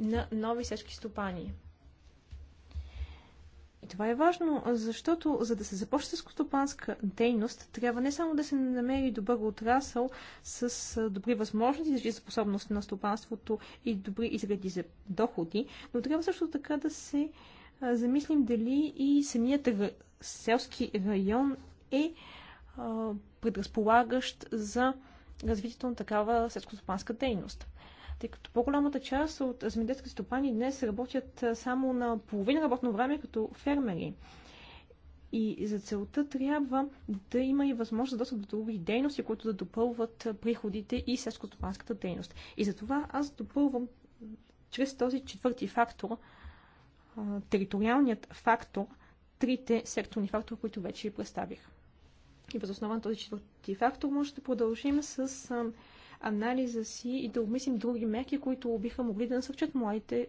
на нови сечки стопани. И това е важно, защото за да се започне с стопанска дейност, трябва не само да се намери добър отрасъл с добри възможности за способност на стопанството и добри изгледи за доходи, но трябва също така да се замислим дали и самият селски район е предразполагащ за развитието на такава селскостопанска дейност тъй като по-голямата част от земеделски стопани днес работят само на половина работно време като фермери. И за целта трябва да има и възможност да достъп до други дейности, които да допълват приходите и селскостопанската дейност. И за това аз допълвам чрез този четвърти фактор, териториалният фактор, трите секторни фактора, които вече ви представих. И въз основа на този четвърти фактор може да продължим с анализа си и да обмислим други мерки, които биха могли да насърчат младите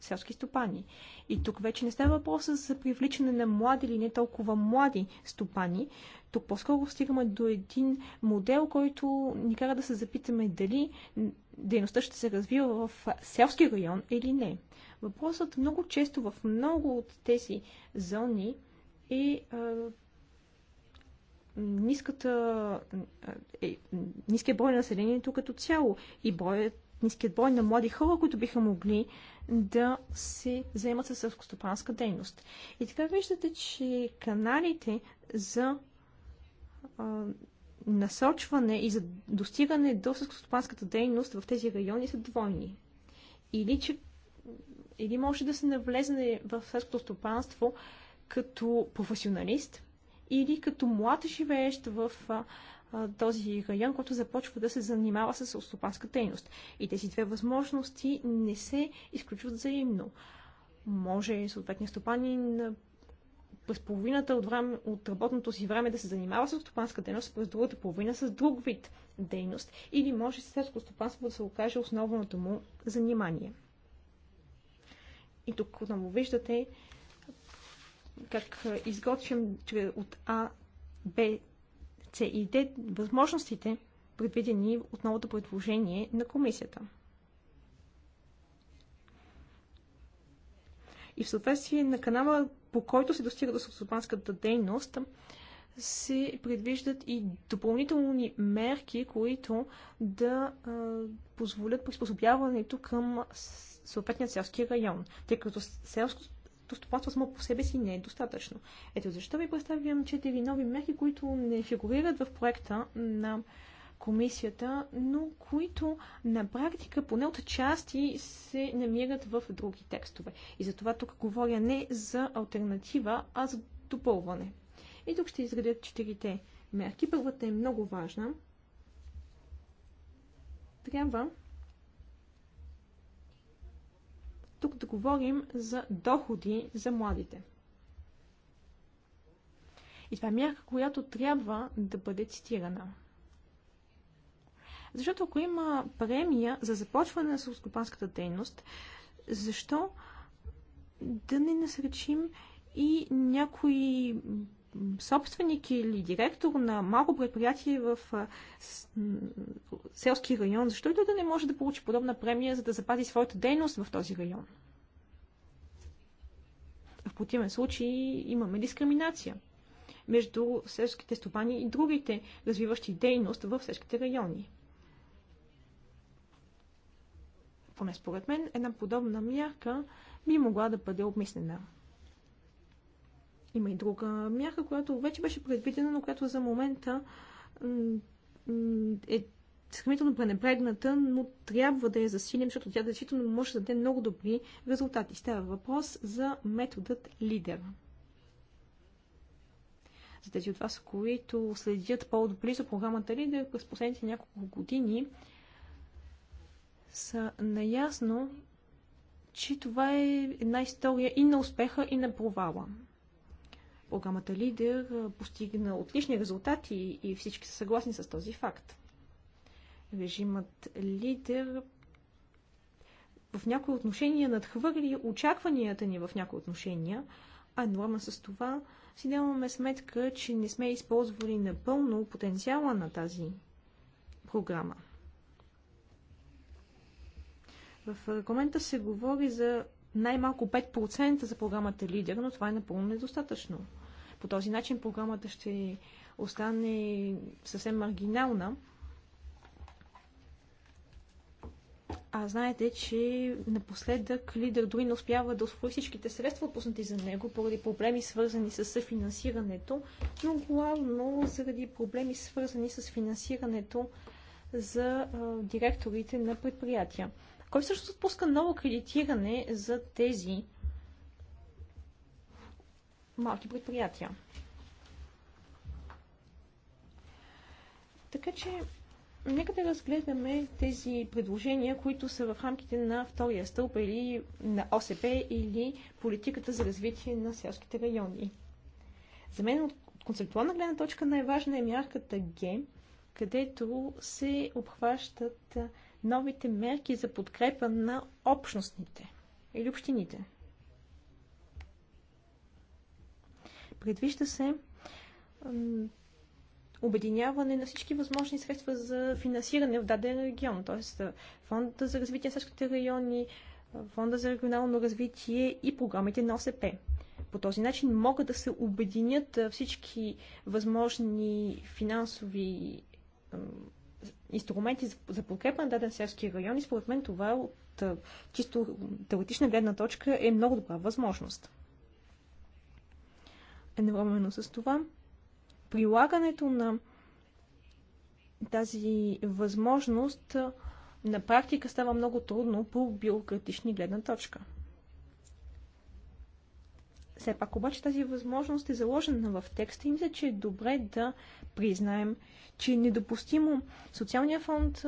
селски стопани. И тук вече не става въпроса за привличане на млади или не толкова млади стопани. Тук по-скоро стигаме до един модел, който ни кара да се запитаме дали дейността ще се развива в селски район или не. Въпросът много често в много от тези зони е ниската, е, ниският брой на населението като цяло и броят ниският брой на млади хора, които биха могли да се заемат със селскостопанска дейност. И така виждате, че каналите за а, насочване и за достигане до селскостопанската дейност в тези райони са двойни. Или, че, или може да се навлезне в селското стопанство като професионалист, или като млад живеещ в този район, който започва да се занимава с остопанска дейност. И тези две възможности не се изключват взаимно. Може съответния стопанин през половината от, време, от работното си време да се занимава с стопанска дейност, през другата половина с друг вид дейност. Или може селско стопанство да се окаже основното му занимание. И тук отново виждате, как изготвям от А, Б, С и Д възможностите, предвидени от новото предложение на комисията. И в съответствие на канала, по който се достига до селскостопанската дейност, се предвиждат и допълнителни мерки, които да а, позволят приспособяването към съответния селски район. Тъй като селското то стопанство само по себе си не е достатъчно. Ето защо ви представям четири нови мерки, които не фигурират в проекта на комисията, но които на практика поне от части се намират в други текстове. И затова тук говоря не за альтернатива, а за допълване. И тук ще изградят четирите мерки. Първата е много важна. Трябва тук да говорим за доходи за младите. И това е мярка, която трябва да бъде цитирана. Защото ако има премия за започване на селскопанската дейност, защо да не насречим и някои собственик или директор на малко предприятие в селски район, защо и да не може да получи подобна премия, за да запази своята дейност в този район? В противен случай имаме дискриминация между селските стопани и другите развиващи дейност в селските райони. Поне според мен, една подобна мярка би могла да бъде обмислена. Има и друга мярка, която вече беше предвидена, но която за момента е сравнително пренебрегната, но трябва да я засилим, защото тя действително може да даде много добри резултати. Става въпрос за методът лидер. За тези от вас, които следят по-отблизо програмата лидер през последните няколко години, са наясно, че това е една история и на успеха, и на провала. Програмата Лидер постигна отлични резултати и всички са съгласни с този факт. Режимът Лидер в някои отношения надхвърли очакванията ни в някои отношения, а норма с това си даваме сметка, че не сме използвали напълно потенциала на тази програма. В регламента се говори за най-малко 5% за програмата Лидер, но това е напълно недостатъчно. По този начин програмата ще остане съвсем маргинална. А знаете, че напоследък лидер дори не успява да освои всичките средства, пуснати за него, поради проблеми свързани с съфинансирането, но главно заради проблеми свързани с финансирането за а, директорите на предприятия. Кой всъщност отпуска ново кредитиране за тези малки предприятия. Така че, нека да разгледаме тези предложения, които са в рамките на втория стълб или на ОСП или политиката за развитие на селските райони. За мен от концептуална гледна точка най-важна е мярката Г, където се обхващат новите мерки за подкрепа на общностните или общините. Предвижда се обединяване на всички възможни средства за финансиране в даден регион, т.е. фонда за развитие на същите райони, фонда за регионално развитие и програмите на ОСП. По този начин могат да се обединят всички възможни финансови инструменти за подкрепа на даден селски район и според мен това от чисто теоретична гледна точка е много добра възможност едновременно с това прилагането на тази възможност на практика става много трудно по бюрократични гледна точка. Все пак обаче тази възможност е заложена в текста и мисля, че е добре да признаем, че е недопустимо социалния фонд,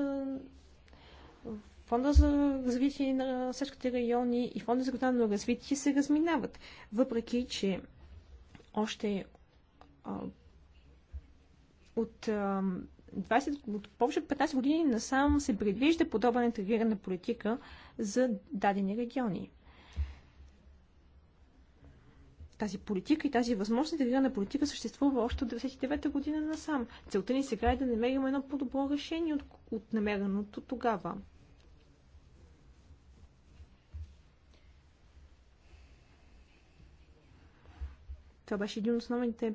фонда за развитие на селските райони и фонда за на развитие се разминават. Въпреки, че още от 20, от повече от 15 години насам се предвижда подобна интегрирана политика за дадени региони. Тази политика и тази възможност интегрирана политика съществува още от 1999 година насам. Целта ни сега е да намерим едно по-добро решение от, от намереното тогава. Това беше един от основните.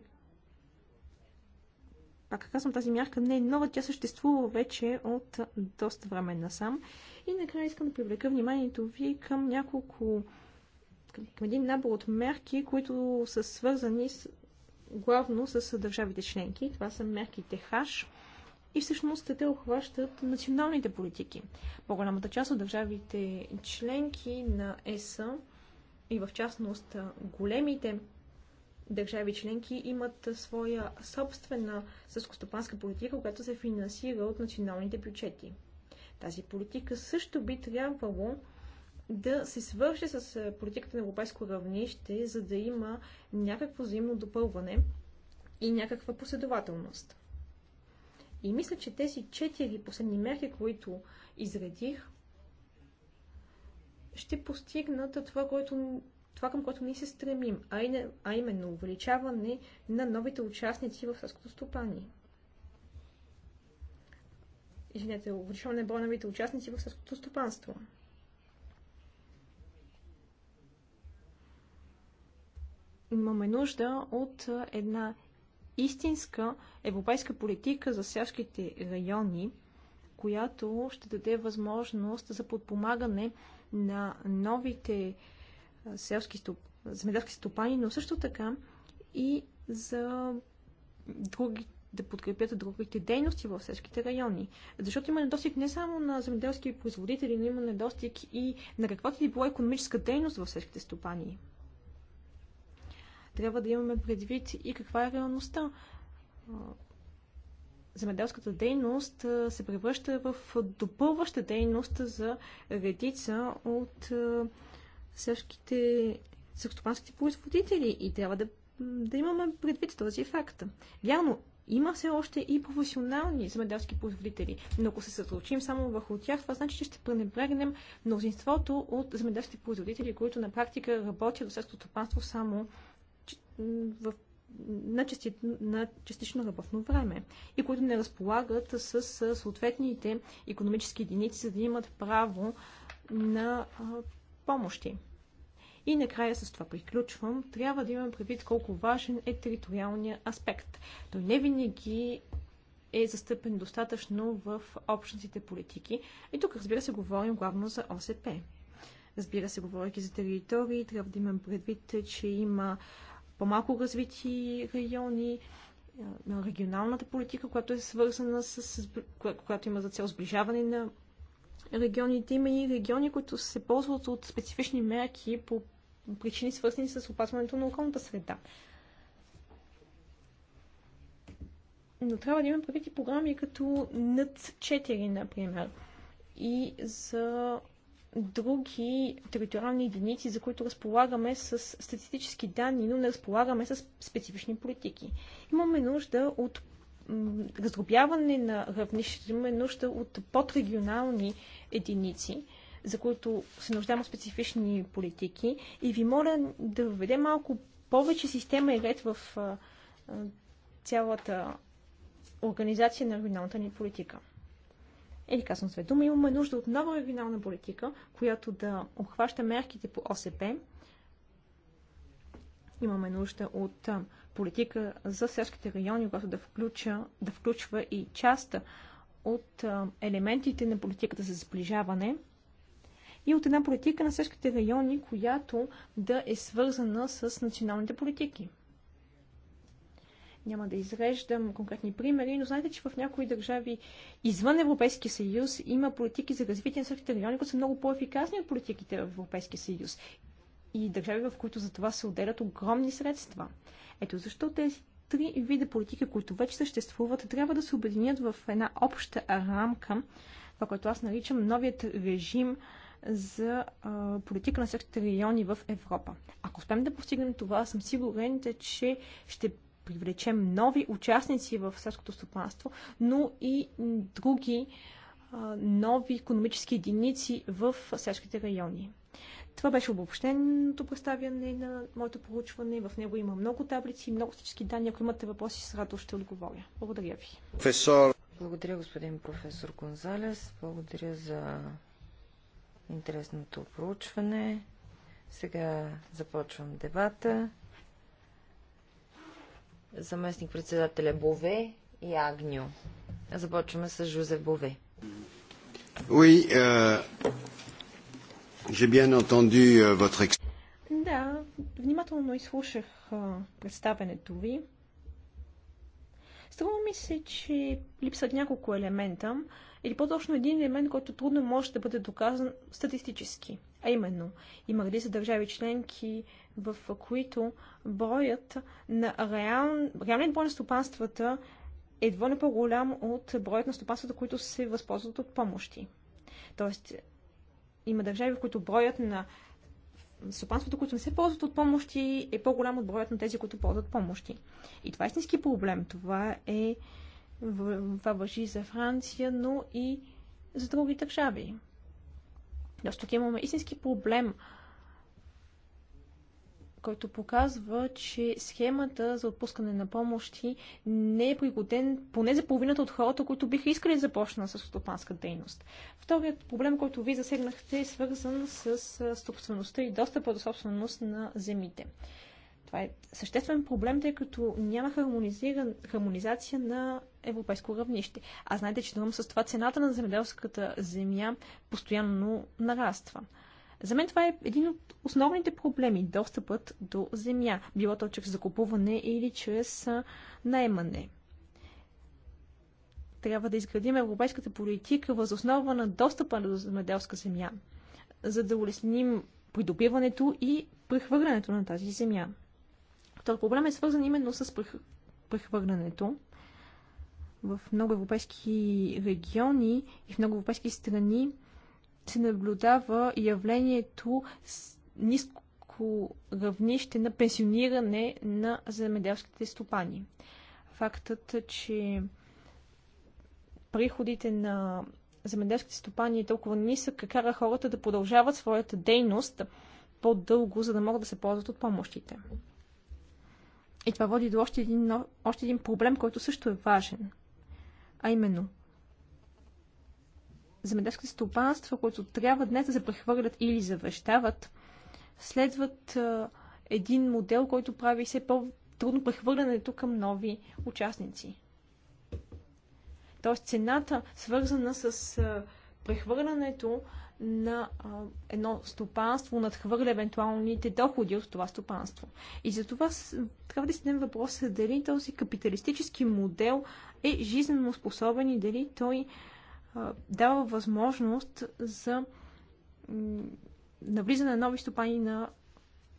Пак казвам, тази мярка не е нова, тя съществува вече от доста време насам. И накрая искам да привлека вниманието ви към няколко към един набор от мерки, които са свързани с, главно с държавите членки. Това са мерките ХАШ и всъщност те охващат националните политики. По-голямата част от държавите членки на ЕС и в частност големите държави членки имат своя собствена съскостопанска политика, която се финансира от националните бюджети. Тази политика също би трябвало да се свърши с е, политиката на европейско равнище, за да има някакво взаимно допълване и някаква последователност. И мисля, че тези четири последни мерки, които изредих, ще постигнат това, което това, към което ние се стремим, а именно увеличаване на новите участници в сърското стопани. Извинете, увеличаване на броя на новите участници в сърското стопанство. Имаме нужда от една истинска европейска политика за селските райони, която ще даде възможност за подпомагане на новите селски земеделски стопани, но също така и за други, да подкрепят другите дейности в селските райони. Защото има недостиг не само на земеделски производители, но има недостиг и на каквато и било економическа дейност в селските стопани. Трябва да имаме предвид и каква е реалността. Земеделската дейност се превръща в допълваща дейност за редица от селските селскостопанските производители и трябва да, да имаме предвид този факт. Вярно, има все още и професионални земеделски производители, но ако се съсредоточим само върху тях, това значи, че ще пренебрегнем мнозинството от земеделските производители, които на практика работят в селското стопанство само в на, части, на частично работно време и които не разполагат с съответните економически единици, за да имат право на помощи. И накрая с това приключвам. Трябва да имам предвид колко важен е териториалния аспект. Той не винаги е застъпен достатъчно в общностите политики. И тук, разбира се, говорим главно за ОСП. Разбира се, говоряки за територии, трябва да имам предвид, че има по-малко развити райони, регионалната политика, която е свързана с, която има за цел сближаване на регионите. Има и региони, които се ползват от специфични мерки по причини свързани с опазването на околната среда. Но трябва да имаме предвид и програми като над 4, например, и за други териториални единици, за които разполагаме с статистически данни, но не разполагаме с специфични политики. Имаме нужда от раздробяване на равнището имаме нужда от подрегионални единици, за които се нуждаем от специфични политики. И ви моля да введем малко повече система и ред в цялата организация на регионалната ни политика. Или казвам с дума, имаме нужда от нова регионална политика, която да обхваща мерките по ОСП. Имаме нужда от политика за селските райони, която да, включа, да включва и част от елементите на политиката за сближаване и от една политика на селските райони, която да е свързана с националните политики. Няма да изреждам конкретни примери, но знаете, че в някои държави извън Европейския съюз има политики за развитие на селските райони, които са много по-ефикасни от политиките в Европейския съюз. И държави, в които за това се отделят огромни средства. Ето защо тези три вида политика, които вече съществуват, трябва да се объединят в една обща рамка, това, което аз наричам новият режим за а, политика на същите региони в Европа. Ако успеем да постигнем това, съм сигурен, че ще привлечем нови участници в селското стопанство, но и други а, нови економически единици в селските райони. Това беше обобщеното представяне на моето проучване. В него има много таблици, много всички данни. Ако имате въпроси, с радост ще отговоря. Благодаря ви. Професор. Благодаря, господин професор Гонзалес. Благодаря за интересното проучване. Сега започвам дебата. Заместник председателя Бове и Агню. Започваме с Жозеф Бове. Oui, euh, Euh, votre... Да, внимателно изслушах представенето ви. Струва ми се, че липсват няколко елемента, или по-точно един елемент, който трудно може да бъде доказан статистически. А именно, има са държави членки, в които броят на реал... реалният брой на стопанствата е двойно по-голям от броят на стопанствата, които се възползват от помощи. Тоест, има държави, в които броят на стопанството, които не се ползват от помощи, е по-голям от броят на тези, които ползват помощи. И това е истински проблем. Това е това въжи за Франция, но и за други държави. Тоест тук имаме истински проблем който показва, че схемата за отпускане на помощи не е пригоден поне за половината от хората, които биха искали да започнат с стопанска дейност. Вторият проблем, който ви засегнахте, е свързан с собствеността и достъпа до собственост на земите. Това е съществен проблем, тъй като няма хармонизация на европейско равнище. А знаете, че с това цената на земеделската земя постоянно нараства. За мен това е един от основните проблеми достъпът до земя, било то чрез закупуване или чрез найемане. Трябва да изградим европейската политика въз основа на достъпа до земеделска земя, за да улесним придобиването и прехвърлянето на тази земя. Този проблем е свързан именно с прехвърлянето. В много европейски региони и в много европейски страни се наблюдава явлението с ниско равнище на пенсиониране на земеделските стопани. Фактът, че приходите на земеделските стопани е толкова нисък, кара хората да продължават своята дейност по-дълго, за да могат да се ползват от помощите. И това води до още един, още един проблем, който също е важен. А именно – земеделските стопанства, които трябва днес да се прехвърлят или завещават, следват един модел, който прави все по-трудно прехвърлянето към нови участници. Тоест цената, свързана с прехвърлянето на едно стопанство, надхвърля евентуалните доходи от това стопанство. И за това трябва да си дадем въпроса дали този капиталистически модел е жизненно способен и дали той дава възможност за навлизане на нови стопани на,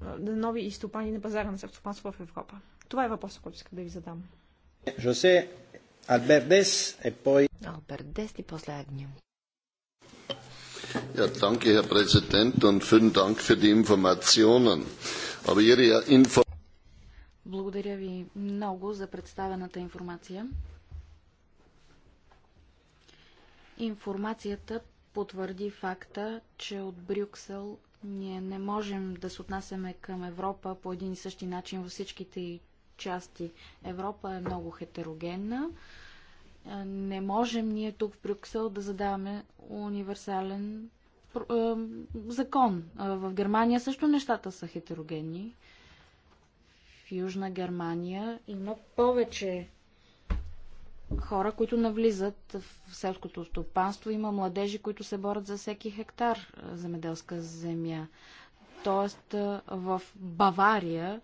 на нови стопани на пазара на селскостопанство в Европа. Това е въпросът, който искам да ви задам. Жосе Альберт Дес е пой... Альберт Дес и после Агнио. Ja, danke, Herr Präsident, und vielen Dank für die Informationen. Aber Ihre Info... Благодаря ви много за представената информация. Информацията потвърди факта, че от Брюксел ние не можем да се отнасяме към Европа по един и същи начин във всичките й части. Европа е много хетерогенна. Е, не можем ние тук в Брюксел да задаваме универсален е, закон. Е, в Германия също нещата са хетерогенни. В Южна Германия има повече хора, които навлизат в селското стопанство. Има младежи, които се борят за всеки хектар е, земеделска земя. Тоест е, в Бавария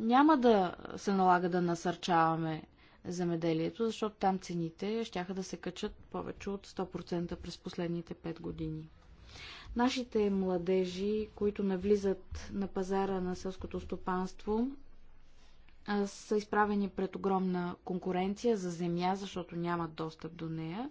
няма да се налага да насърчаваме земеделието, защото там цените ще да се качат повече от 100% през последните 5 години. Нашите младежи, които навлизат на пазара на селското стопанство, са изправени пред огромна конкуренция за земя, защото нямат достъп до нея.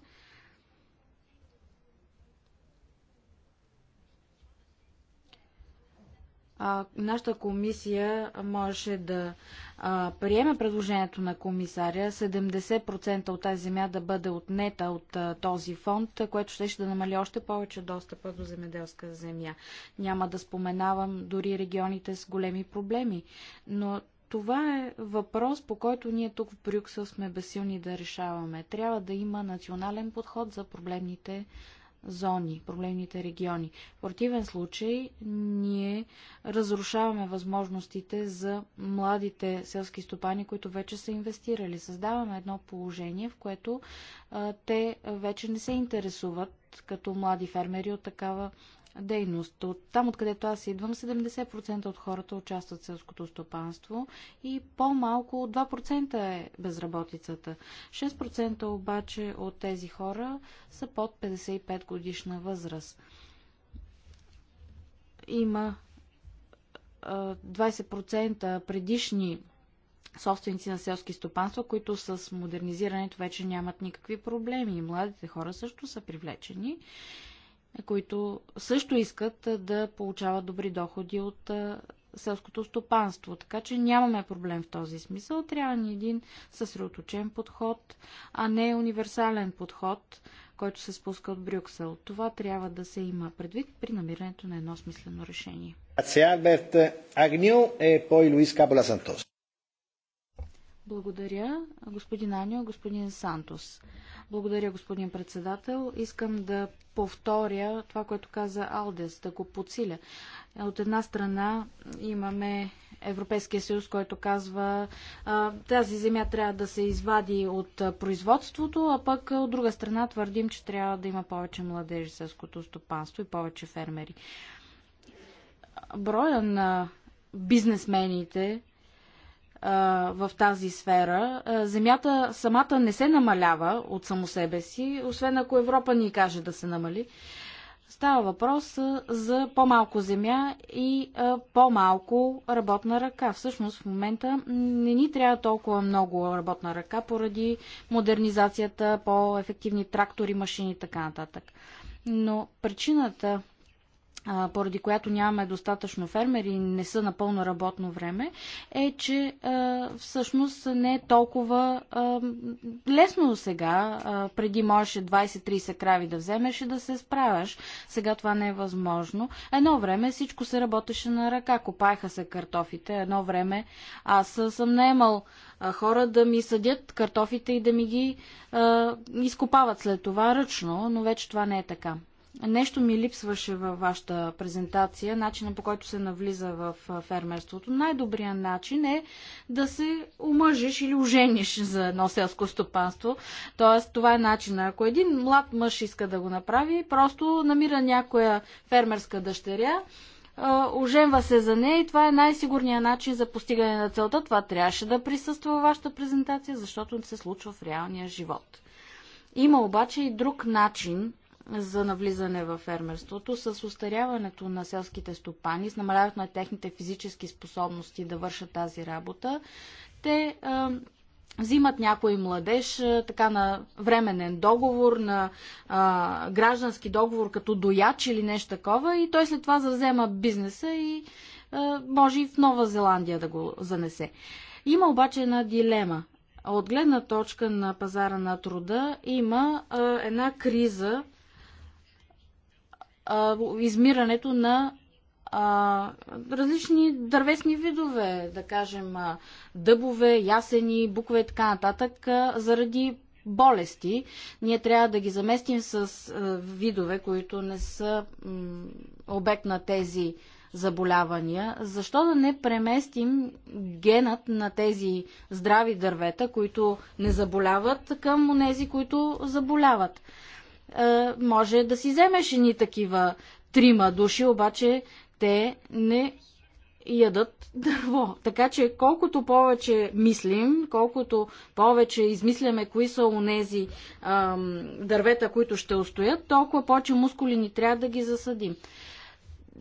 А, нашата комисия можеше да а, приеме предложението на комисаря 70% от тази земя да бъде отнета от а, този фонд, което ще, ще да намали още повече достъпа до земеделска земя. Няма да споменавам дори регионите с големи проблеми, но това е въпрос, по който ние тук в Брюксел сме безсилни да решаваме. Трябва да има национален подход за проблемните зони, проблемните региони. В противен случай ние разрушаваме възможностите за младите селски стопани, които вече са инвестирали. Създаваме едно положение, в което а, те вече не се интересуват като млади фермери от такава дейност. От там, откъдето аз идвам, 70% от хората участват в селското стопанство и по-малко от 2% е безработицата. 6% обаче от тези хора са под 55 годишна възраст. Има 20% предишни собственици на селски стопанства, които с модернизирането вече нямат никакви проблеми. И младите хора също са привлечени които също искат да получават добри доходи от селското стопанство. Така че нямаме проблем в този смисъл. Трябва ни един съсредоточен подход, а не универсален подход, който се спуска от Брюксел. Това трябва да се има предвид при намирането на едно смислено решение. E Благодаря, господин Анио, господин Сантос. Благодаря, господин председател. Искам да повторя това, което каза Алдес, да го подсиля. Е, от една страна имаме Европейския съюз, който казва тази земя трябва да се извади от производството, а пък от друга страна твърдим, че трябва да има повече младежи селското стопанство и повече фермери. Броя на бизнесмените, в тази сфера. Земята самата не се намалява от само себе си, освен ако Европа ни каже да се намали. Става въпрос за по-малко земя и по-малко работна ръка. Всъщност в момента не ни трябва толкова много работна ръка поради модернизацията, по-ефективни трактори, машини и така нататък. Но причината поради която нямаме достатъчно фермери и не са на пълно работно време, е, че всъщност не е толкова лесно сега. Преди можеше 20-30 крави да вземеш и да се справяш. Сега това не е възможно. Едно време всичко се работеше на ръка. Копаеха се картофите. Едно време аз съм наемал хора да ми съдят картофите и да ми ги изкопават след това ръчно, но вече това не е така. Нещо ми липсваше във вашата презентация, начина по който се навлиза в фермерството. Най-добрият начин е да се омъжиш или ожениш за едно селско стопанство. Тоест, това е начина. Ако един млад мъж иска да го направи, просто намира някоя фермерска дъщеря, оженва се за нея и това е най-сигурният начин за постигане на целта. Това трябваше да присъства във вашата презентация, защото се случва в реалния живот. Има обаче и друг начин за навлизане в фермерството, с устаряването на селските стопани, с намаляването на техните физически способности да вършат тази работа, те а, взимат някой младеж така на временен договор, на а, граждански договор като дояч или нещо такова и той след това завзема бизнеса и а, може и в Нова Зеландия да го занесе. Има обаче една дилема. От гледна точка на пазара на труда има а, една криза, а, измирането на а, различни дървесни видове, да кажем а, дъбове, ясени, букове и така нататък, а, заради болести. Ние трябва да ги заместим с а, видове, които не са м, обект на тези заболявания. Защо да не преместим генът на тези здрави дървета, които не заболяват, към тези, които заболяват? Е, може да си вземеш едни такива трима души, обаче те не ядат дърво. Така че колкото повече мислим, колкото повече измисляме кои са онези ам, дървета, които ще устоят, толкова повече мускули ни трябва да ги засадим.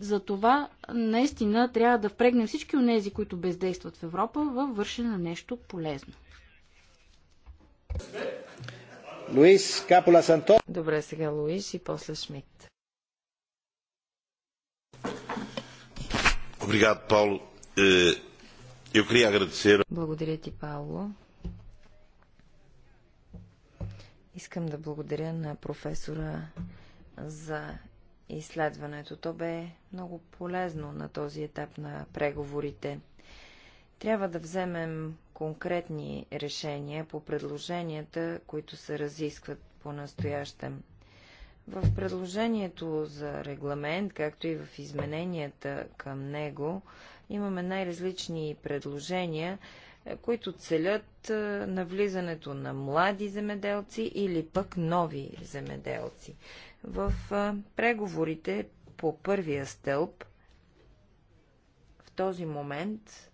Затова наистина трябва да впрегнем всички онези, които бездействат в Европа, във вършене на нещо полезно. Луис Капола Санто. Добре, сега Луис и после Шмидт. Obrigado, Paulo. Eh, eu queria agradecer. Благодаря ти, Пауло. Искам да благодаря на професора за изследването. То бе много полезно на този етап на преговорите. Трябва да вземем конкретни решения по предложенията, които се разискват по-настоящем. В предложението за регламент, както и в измененията към него, имаме най-различни предложения, е, които целят е, навлизането на млади земеделци или пък нови земеделци. В е, преговорите по първия стълб в този момент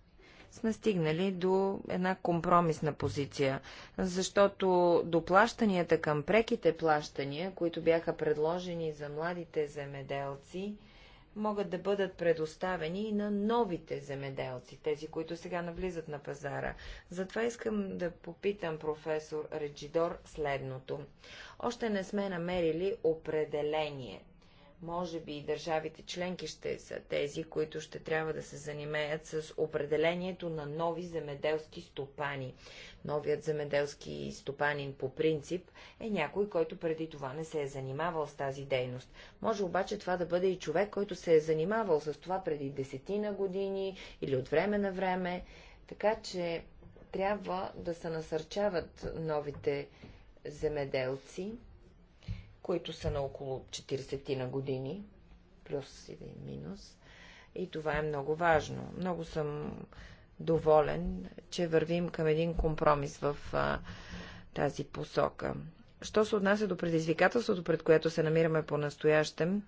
сме стигнали до една компромисна позиция, защото доплащанията към преките плащания, които бяха предложени за младите земеделци, могат да бъдат предоставени и на новите земеделци, тези, които сега навлизат на пазара. Затова искам да попитам професор Реджидор следното. Още не сме намерили определение може би и държавите членки ще са тези, които ще трябва да се занимеят с определението на нови земеделски стопани. Новият земеделски стопанин по принцип е някой, който преди това не се е занимавал с тази дейност. Може обаче това да бъде и човек, който се е занимавал с това преди десетина години или от време на време. Така че трябва да се насърчават новите земеделци които са на около 40 на години, плюс или минус. И това е много важно. Много съм доволен, че вървим към един компромис в а, тази посока. Що се отнася до предизвикателството, пред което се намираме по-настоящем,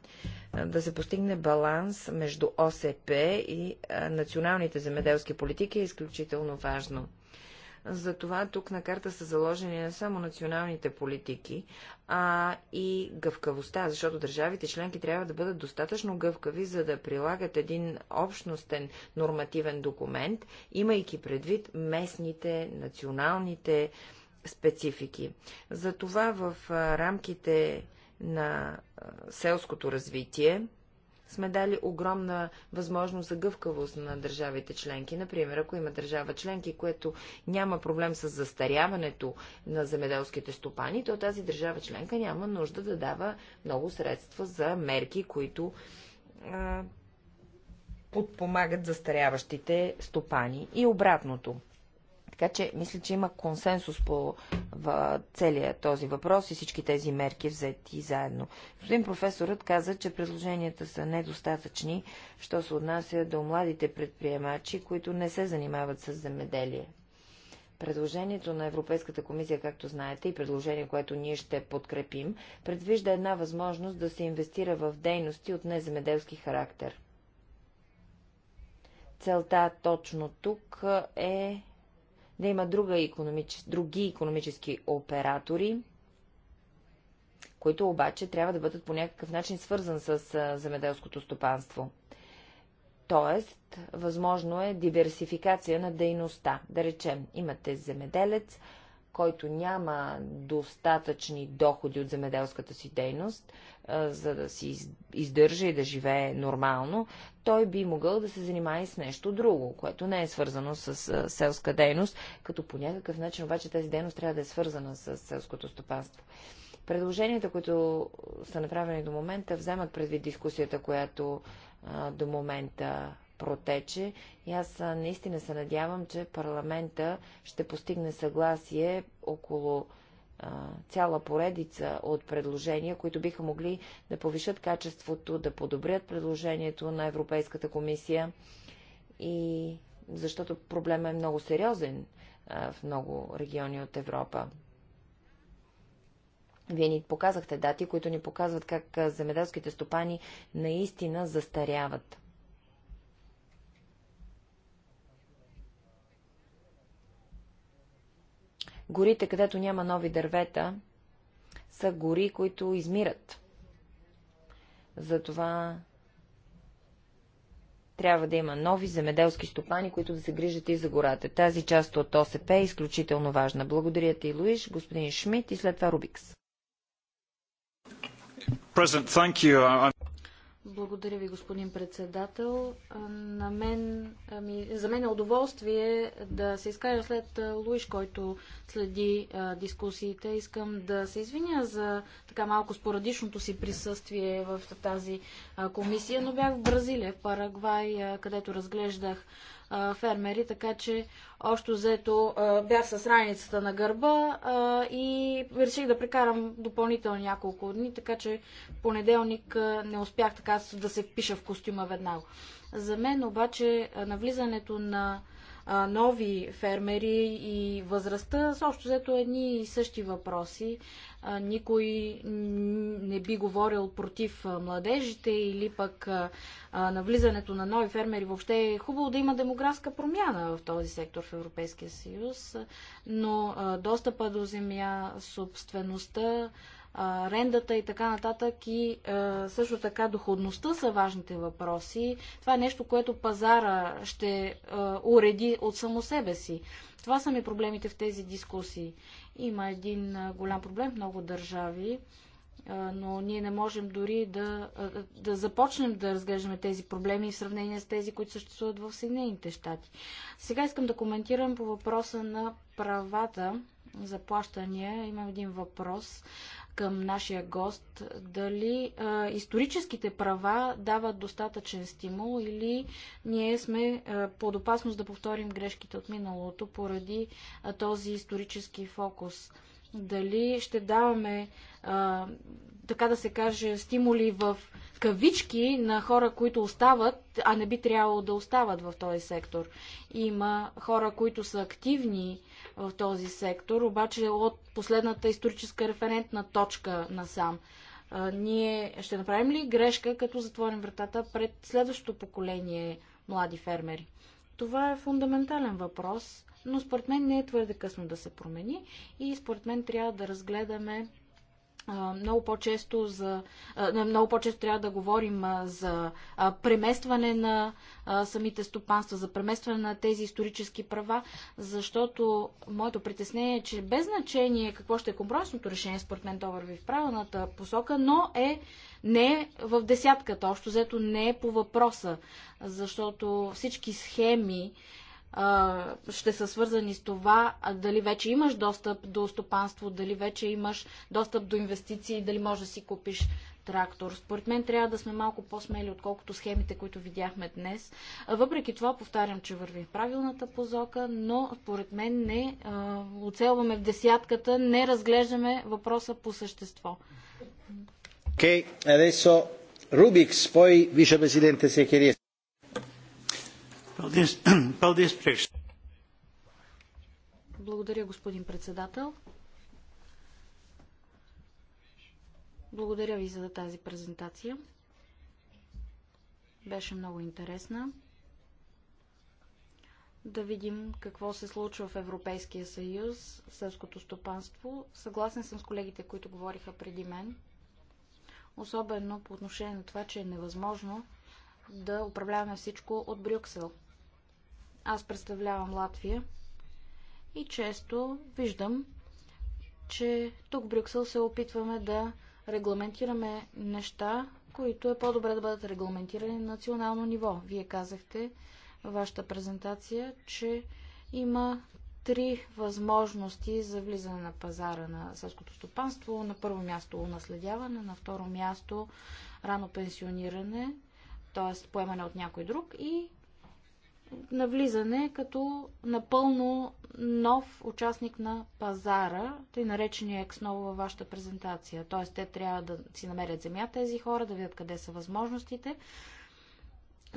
да се постигне баланс между ОСП и националните земеделски политики е изключително важно. Затова тук на карта са заложени не само националните политики, а и гъвкавостта, защото държавите членки трябва да бъдат достатъчно гъвкави, за да прилагат един общностен нормативен документ, имайки предвид местните, националните специфики. Затова в рамките на селското развитие сме дали огромна възможност за гъвкавост на държавите членки. Например, ако има държава членки, което няма проблем с застаряването на земеделските стопани, то тази държава членка няма нужда да дава много средства за мерки, които а, подпомагат застаряващите стопани. И обратното. Така че мисля, че има консенсус по в, целия този въпрос и всички тези мерки взети заедно. Господин професорът каза, че предложенията са недостатъчни, що се отнася до младите предприемачи, които не се занимават с земеделие. Предложението на Европейската комисия, както знаете, и предложение, което ние ще подкрепим, предвижда една възможност да се инвестира в дейности от неземеделски характер. Целта точно тук е да има друга економичес... други економически оператори, които обаче трябва да бъдат по някакъв начин свързан с земеделското стопанство. Тоест, възможно е диверсификация на дейността. Да речем, имате земеделец, който няма достатъчни доходи от земеделската си дейност, за да си издържа и да живее нормално, той би могъл да се занимава и с нещо друго, което не е свързано с селска дейност, като по някакъв начин обаче тази дейност трябва да е свързана с селското стопанство. Предложенията, които са направени до момента, вземат предвид дискусията, която до момента протече. И аз наистина се надявам, че парламента ще постигне съгласие около цяла поредица от предложения, които биха могли да повишат качеството, да подобрят предложението на Европейската комисия и защото проблема е много сериозен а, в много региони от Европа. Вие ни показахте дати, които ни показват как земеделските стопани наистина застаряват. Горите, където няма нови дървета, са гори, които измират. Затова трябва да има нови земеделски стопани, които да се грижат и за гората. Тази част от ОСП е изключително важна. Благодаря ти, Луиш, господин Шмидт и след това Рубикс. Благодаря ви, господин председател. На мен, ами, за мен е удоволствие да се изкажа след Луиш, който следи а, дискусиите. Искам да се извиня за така малко спорадичното си присъствие в тази а, комисия, но бях в Бразилия, в Парагвай, а, където разглеждах фермери, така че още взето бях с раницата на гърба и реших да прекарам допълнително няколко дни, така че понеделник не успях така да се впиша в костюма веднага. За мен обаче навлизането на нови фермери и възрастта са общо взето едни и същи въпроси никой не би говорил против младежите или пък навлизането на нови фермери. Въобще е хубаво да има демографска промяна в този сектор в Европейския съюз, но достъпа до земя, собствеността, рендата и така нататък и също така доходността са важните въпроси. Това е нещо, което пазара ще уреди от само себе си. Това са ми проблемите в тези дискусии. Има един голям проблем в много държави, но ние не можем дори да, да започнем да разглеждаме тези проблеми в сравнение с тези, които съществуват в Съединените щати. Сега искам да коментирам по въпроса на правата заплащания имам един въпрос към нашия гост. Дали а, историческите права дават достатъчен стимул или ние сме а, под опасност да повторим грешките от миналото поради а, този исторически фокус? Дали ще даваме а, така да се каже, стимули в кавички на хора, които остават, а не би трябвало да остават в този сектор. Има хора, които са активни в този сектор, обаче от последната историческа референтна точка насам. сам, ние ще направим ли грешка, като затворим вратата пред следващото поколение млади фермери? Това е фундаментален въпрос, но според мен не е твърде късно да се промени и според мен трябва да разгледаме много по-често за, много по-често трябва да говорим за преместване на самите стопанства, за преместване на тези исторически права, защото моето притеснение е, че без значение какво ще е компромисното решение, според мен то върви в правилната посока, но е не е в десятката, общо взето не е по въпроса, защото всички схеми, ще са свързани с това дали вече имаш достъп до стопанство, дали вече имаш достъп до инвестиции, дали можеш да си купиш трактор. Според мен трябва да сме малко по-смели, отколкото схемите, които видяхме днес. Въпреки това, повтарям, че вървим в правилната позока, но според мен не оцелваме в десятката, не разглеждаме въпроса по същество. Окей, okay, adesso Rubix, poi vicepresidente Благодаря, господин председател. Благодаря ви за тази презентация. Беше много интересна. Да видим какво се случва в Европейския съюз, селското стопанство. Съгласен съм с колегите, които говориха преди мен. Особено по отношение на това, че е невъзможно да управляваме всичко от Брюксел – аз представлявам Латвия и често виждам, че тук в Брюксел се опитваме да регламентираме неща, които е по-добре да бъдат регламентирани на национално ниво. Вие казахте във вашата презентация, че има три възможности за влизане на пазара на селското стопанство. На първо място унаследяване, на второ място рано пенсиониране, т.е. поемане от някой друг и навлизане като напълно нов участник на пазара, тъй наречения ексново във вашата презентация. Т.е. те трябва да си намерят земя тези хора, да видят къде са възможностите.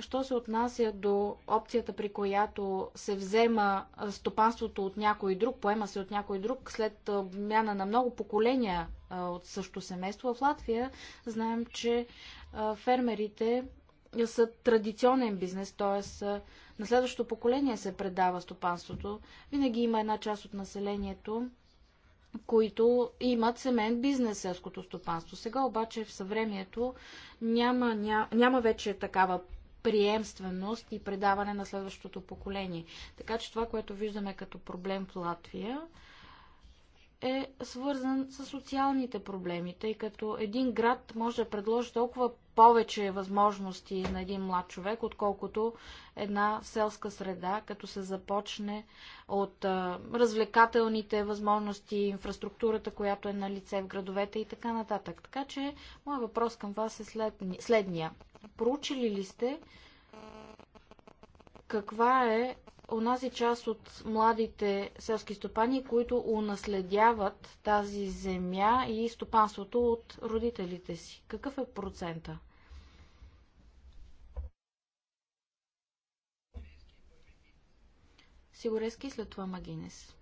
Що се отнася до опцията, при която се взема стопанството от някой друг, поема се от някой друг, след обмяна на много поколения от същото семейство в Латвия, знаем, че фермерите са традиционен бизнес, т.е. на следващото поколение се предава стопанството. Винаги има една част от населението, които имат семейен бизнес селското стопанство. Сега обаче в съвремието няма, ня, няма вече такава приемственост и предаване на следващото поколение. Така че това, което виждаме като проблем в Латвия, е свързан с социалните проблеми, тъй като един град може да предложи толкова повече възможности на един млад човек, отколкото една селска среда, като се започне от а, развлекателните възможности, инфраструктурата, която е на лице в градовете и така нататък. Така че, моят въпрос към вас е след, следния. Проучили ли сте каква е онази част от младите селски стопани, които унаследяват тази земя и стопанството от родителите си? Какъв е процента? Сигурески след това Магинес.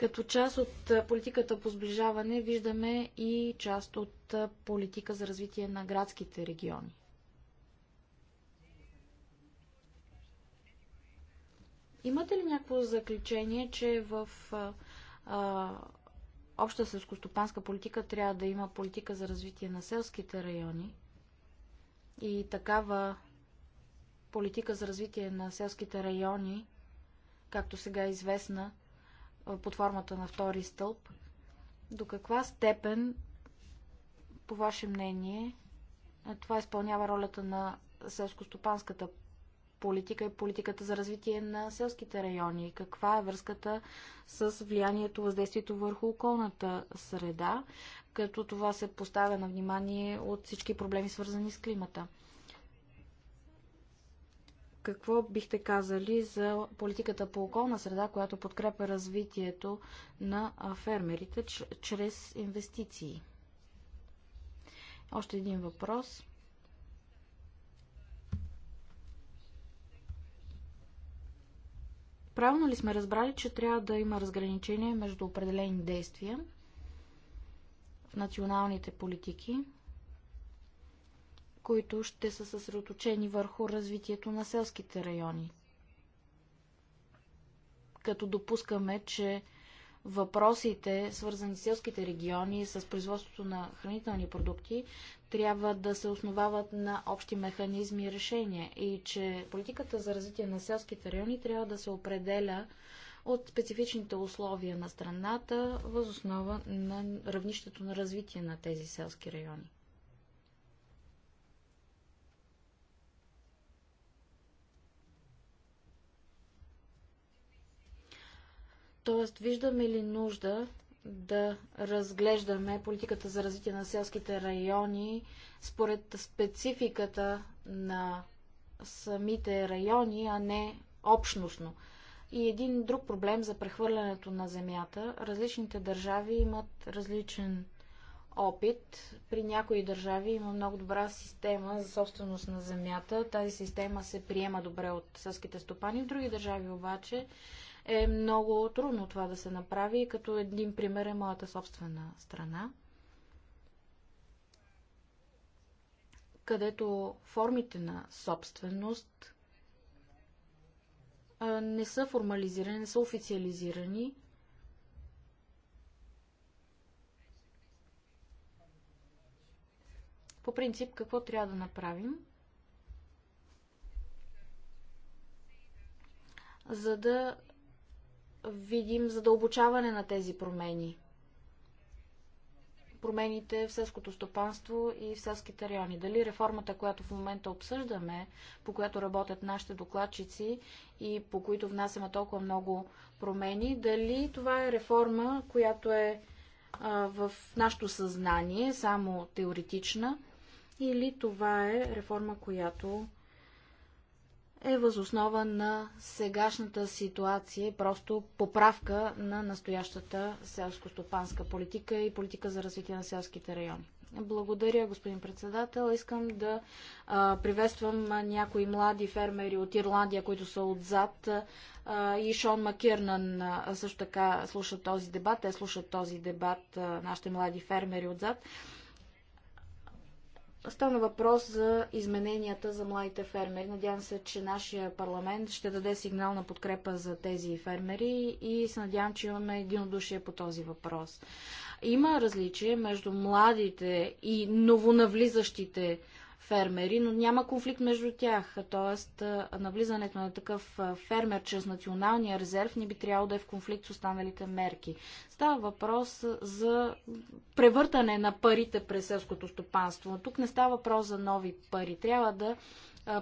Като част от политиката по сближаване виждаме и част от политика за развитие на градските региони. Имате ли някакво заключение, че в а, обща селскостопанска политика трябва да има политика за развитие на селските райони и такава политика за развитие на селските райони, както сега е известна, под формата на втори стълб. До каква степен, по ваше мнение, това изпълнява ролята на селско-стопанската политика и политиката за развитие на селските райони? Каква е връзката с влиянието, въздействието върху околната среда, като това се поставя на внимание от всички проблеми, свързани с климата? какво бихте казали за политиката по околна среда, която подкрепя развитието на фермерите чрез инвестиции? Още един въпрос. Правилно ли сме разбрали, че трябва да има разграничение между определени действия в националните политики които ще са съсредоточени върху развитието на селските райони. Като допускаме, че въпросите, свързани с селските региони, с производството на хранителни продукти, трябва да се основават на общи механизми и решения и че политиката за развитие на селските райони трябва да се определя от специфичните условия на страната въз основа на равнището на развитие на тези селски райони. Тоест, виждаме ли нужда да разглеждаме политиката за развитие на селските райони според спецификата на самите райони, а не общностно. И един друг проблем за прехвърлянето на земята. Различните държави имат различен опит. При някои държави има много добра система за собственост на земята. Тази система се приема добре от селските стопани. В други държави обаче е много трудно това да се направи, като един пример е моята собствена страна, където формите на собственост не са формализирани, не са официализирани. По принцип, какво трябва да направим? за да видим задълбочаване на тези промени. Промените в селското стопанство и в селските райони. Дали реформата, която в момента обсъждаме, по която работят нашите докладчици и по които внасяме толкова много промени, дали това е реформа, която е в нашето съзнание, само теоретична, или това е реформа, която е възоснова на сегашната ситуация и просто поправка на настоящата селско-стопанска политика и политика за развитие на селските райони. Благодаря, господин председател. Искам да а, приветствам някои млади фермери от Ирландия, които са отзад. А, и Шон Макирнан а, също така слуша този дебат. Те слушат този дебат, а, нашите млади фермери отзад. А, Стана въпрос за измененията за младите фермери. Надявам се, че нашия парламент ще даде сигнал на подкрепа за тези фермери и се надявам, че имаме единодушие по този въпрос. Има различие между младите и новонавлизащите фермери, но няма конфликт между тях. Тоест, навлизането на такъв фермер чрез националния резерв не би трябвало да е в конфликт с останалите мерки. Става въпрос за превъртане на парите през селското стопанство. Тук не става въпрос за нови пари. Трябва да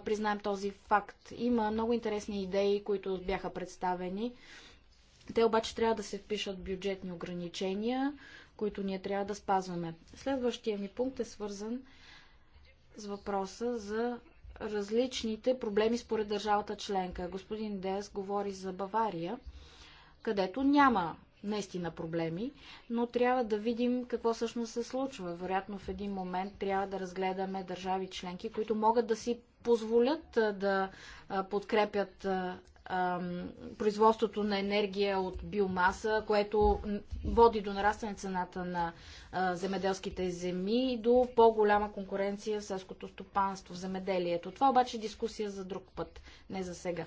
признаем този факт. Има много интересни идеи, които бяха представени. Те обаче трябва да се впишат бюджетни ограничения, които ние трябва да спазваме. Следващия ми пункт е свързан с въпроса за различните проблеми според държавата членка. Господин Дес говори за Бавария, където няма наистина проблеми, но трябва да видим какво всъщност се случва. Вероятно в един момент трябва да разгледаме държави членки, които могат да си позволят да подкрепят производството на енергия от биомаса, което води до нарастване цената на земеделските земи и до по-голяма конкуренция в селското стопанство, в земеделието. Това обаче е дискусия за друг път, не за сега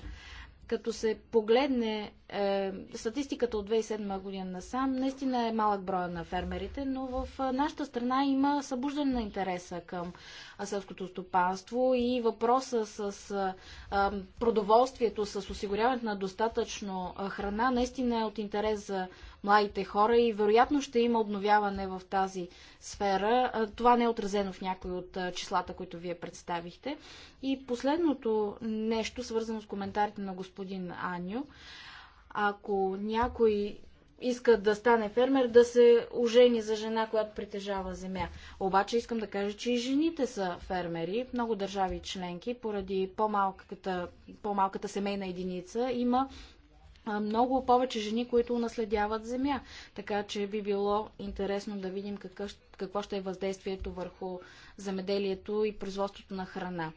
като се погледне е, статистиката от 2007 година насам, наистина е малък брой на фермерите, но в е, нашата страна има събуждане на интереса към е, селското стопанство и въпроса с е, е продоволствието, с осигуряването на достатъчно храна, наистина е от интерес за младите хора и вероятно ще има обновяване в тази сфера. Това не е отразено в някои от числата, които вие представихте. И последното нещо, свързано с коментарите на господин Аню, ако някой иска да стане фермер, да се ожени за жена, която притежава земя. Обаче искам да кажа, че и жените са фермери. много държави членки, поради по-малката, по-малката семейна единица, има много повече жени, които наследяват земя. Така че би било интересно да видим какъв, какво ще е въздействието върху земеделието и производството на храна.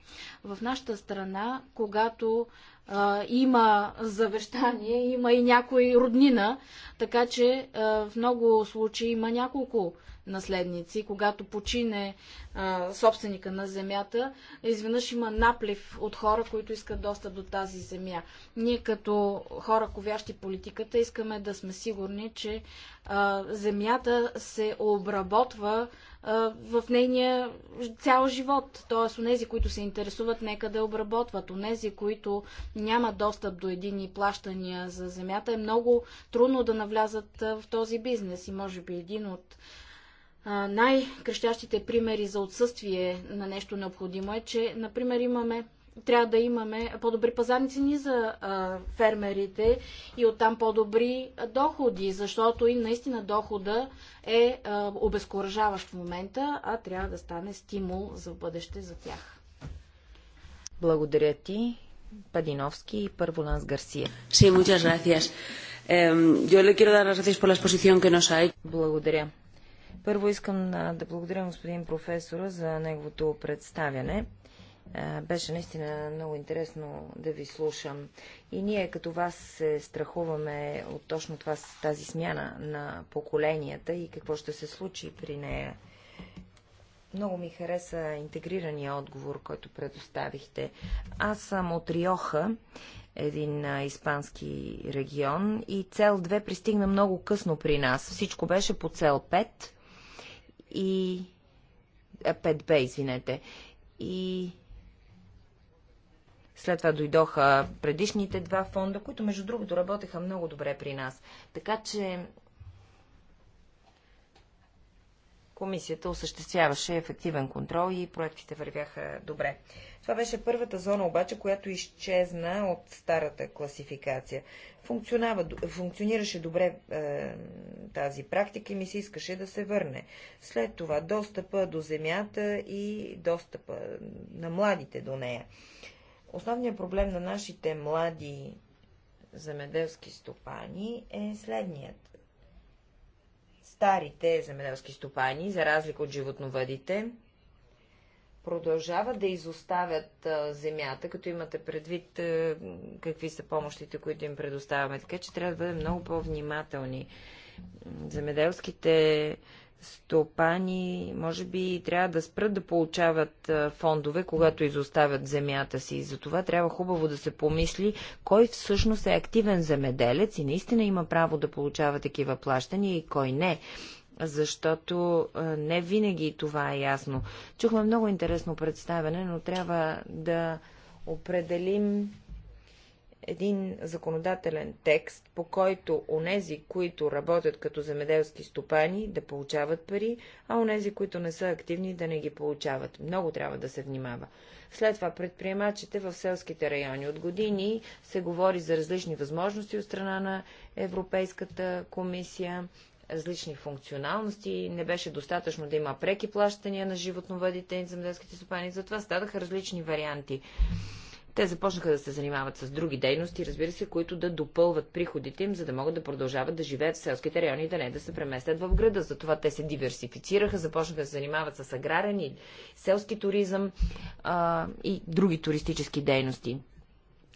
В нашата страна, когато а, има завещание, има и някой роднина, така че а, в много случаи има няколко наследници, когато почине а, собственика на земята, изведнъж има наплив от хора, които искат достъп до тази земя. Ние като хора, ковящи политиката, искаме да сме сигурни, че а, земята се обработва а, в нейния цял живот. Тоест, онези, които се интересуват, нека да обработват. Онези, които нямат достъп до едини плащания за земята, е много трудно да навлязат в този бизнес. И може би един от най-крещящите примери за отсъствие на нещо необходимо е, че, например, имаме трябва да имаме по-добри пазарни цени за а, фермерите и оттам по-добри доходи, защото и наистина дохода е а, обезкуражаващ в момента, а трябва да стане стимул за бъдеще за тях. Благодаря ти, Падиновски и Първоланс Гарсия. Sí, muchas gracias. Eh, yo le quiero dar las gracias por la exposición que nos ha hecho. Благодаря. Първо искам да благодаря господин професора за неговото представяне. Беше наистина много интересно да ви слушам. И ние като вас се страхуваме от точно това, тази смяна на поколенията и какво ще се случи при нея. Много ми хареса интегрирания отговор, който предоставихте. Аз съм от Риоха, един испански регион и цел 2 пристигна много късно при нас. Всичко беше по цел 5 и... 5 b извинете. И след това дойдоха предишните два фонда, които между другото работеха много добре при нас. Така че комисията осъществяваше ефективен контрол и проектите вървяха добре. Това беше първата зона обаче, която изчезна от старата класификация. функционираше добре е, тази практика и ми се искаше да се върне. След това достъпа до земята и достъпа на младите до нея. Основният проблем на нашите млади земеделски стопани е следният старите земеделски стопани, за разлика от животновъдите, продължават да изоставят земята, като имате предвид какви са помощите, които им предоставяме. Така че трябва да бъдем много по-внимателни. Земеделските стопани, може би трябва да спрат да получават фондове, когато изоставят земята си. И за това трябва хубаво да се помисли кой всъщност е активен земеделец и наистина има право да получава такива плащания и кой не. Защото не винаги това е ясно. Чухме много интересно представяне, но трябва да определим един законодателен текст, по който онези, които работят като земеделски стопани, да получават пари, а онези, които не са активни, да не ги получават. Много трябва да се внимава. След това предприемачите в селските райони. От години се говори за различни възможности от страна на Европейската комисия, различни функционалности, не беше достатъчно да има преки плащания на животновъдите и земеделските стопани, затова стадаха различни варианти. Те започнаха да се занимават с други дейности, разбира се, които да допълват приходите им, за да могат да продължават да живеят в селските райони и да не да се преместят в града. Затова те се диверсифицираха, започнаха да се занимават с аграрен и селски туризъм а, и други туристически дейности.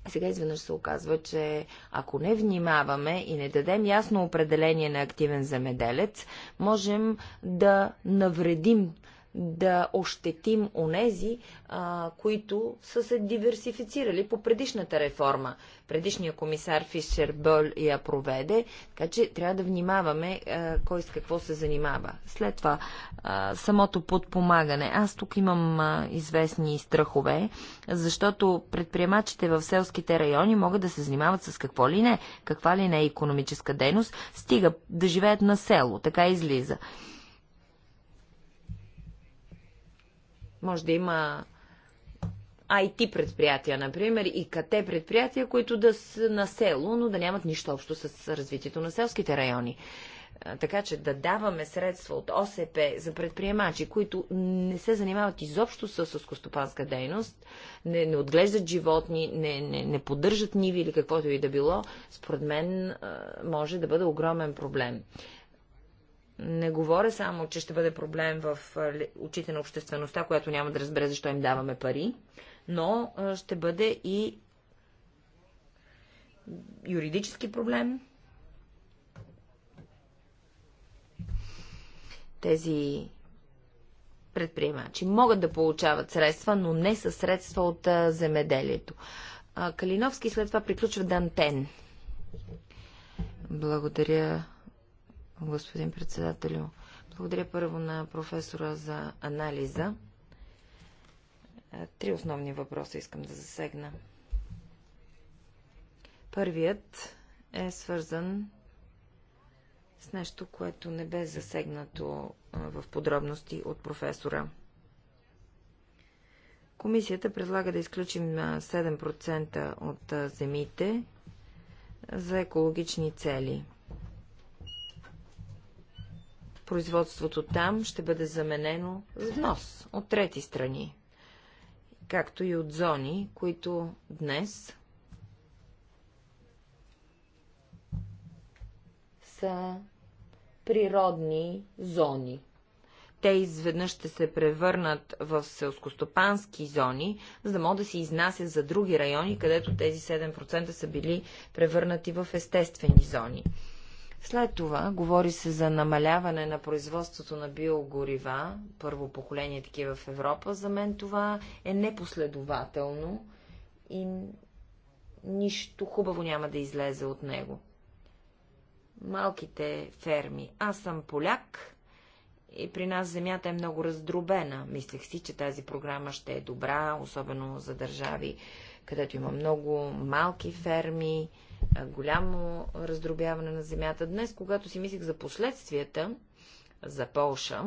Сега изведнъж се оказва, че ако не внимаваме и не дадем ясно определение на активен земеделец, можем да навредим да ощетим онези, а, които са се диверсифицирали по предишната реформа. Предишният комисар Фишер Бъл я проведе, така че трябва да внимаваме а, кой с какво се занимава. След това а, самото подпомагане. Аз тук имам а, известни страхове, защото предприемачите в селските райони могат да се занимават с какво ли не, каква ли не е економическа дейност, стига да живеят на село, така излиза. Може да има IT предприятия, например, и КТ предприятия, които да са на село, но да нямат нищо общо с развитието на селските райони. Така че да даваме средства от ОСП за предприемачи, които не се занимават изобщо с скостопанска дейност, не, не отглеждат животни, не, не, не поддържат ниви или каквото и да било, според мен може да бъде огромен проблем не говоря само, че ще бъде проблем в очите на обществеността, която няма да разбере защо им даваме пари, но ще бъде и юридически проблем. Тези предприемачи могат да получават средства, но не със средства от земеделието. Калиновски след това приключва Дантен. Благодаря, господин председателю. Благодаря първо на професора за анализа. Е, три основни въпроса искам да засегна. Първият е свързан с нещо, което не бе засегнато е, в подробности от професора. Комисията предлага да изключим 7% е, от земите за екологични цели – производството там ще бъде заменено с внос от трети страни, както и от зони, които днес са природни зони. Те изведнъж ще се превърнат в селскостопански зони, за да могат да се изнасят за други райони, където тези 7% са били превърнати в естествени зони. След това говори се за намаляване на производството на биогорива, първо поколение такива в Европа. За мен това е непоследователно и нищо хубаво няма да излезе от него. Малките ферми. Аз съм поляк и при нас земята е много раздробена. Мислех си, че тази програма ще е добра, особено за държави където има много малки ферми, голямо раздробяване на земята. Днес, когато си мислих за последствията за Полша,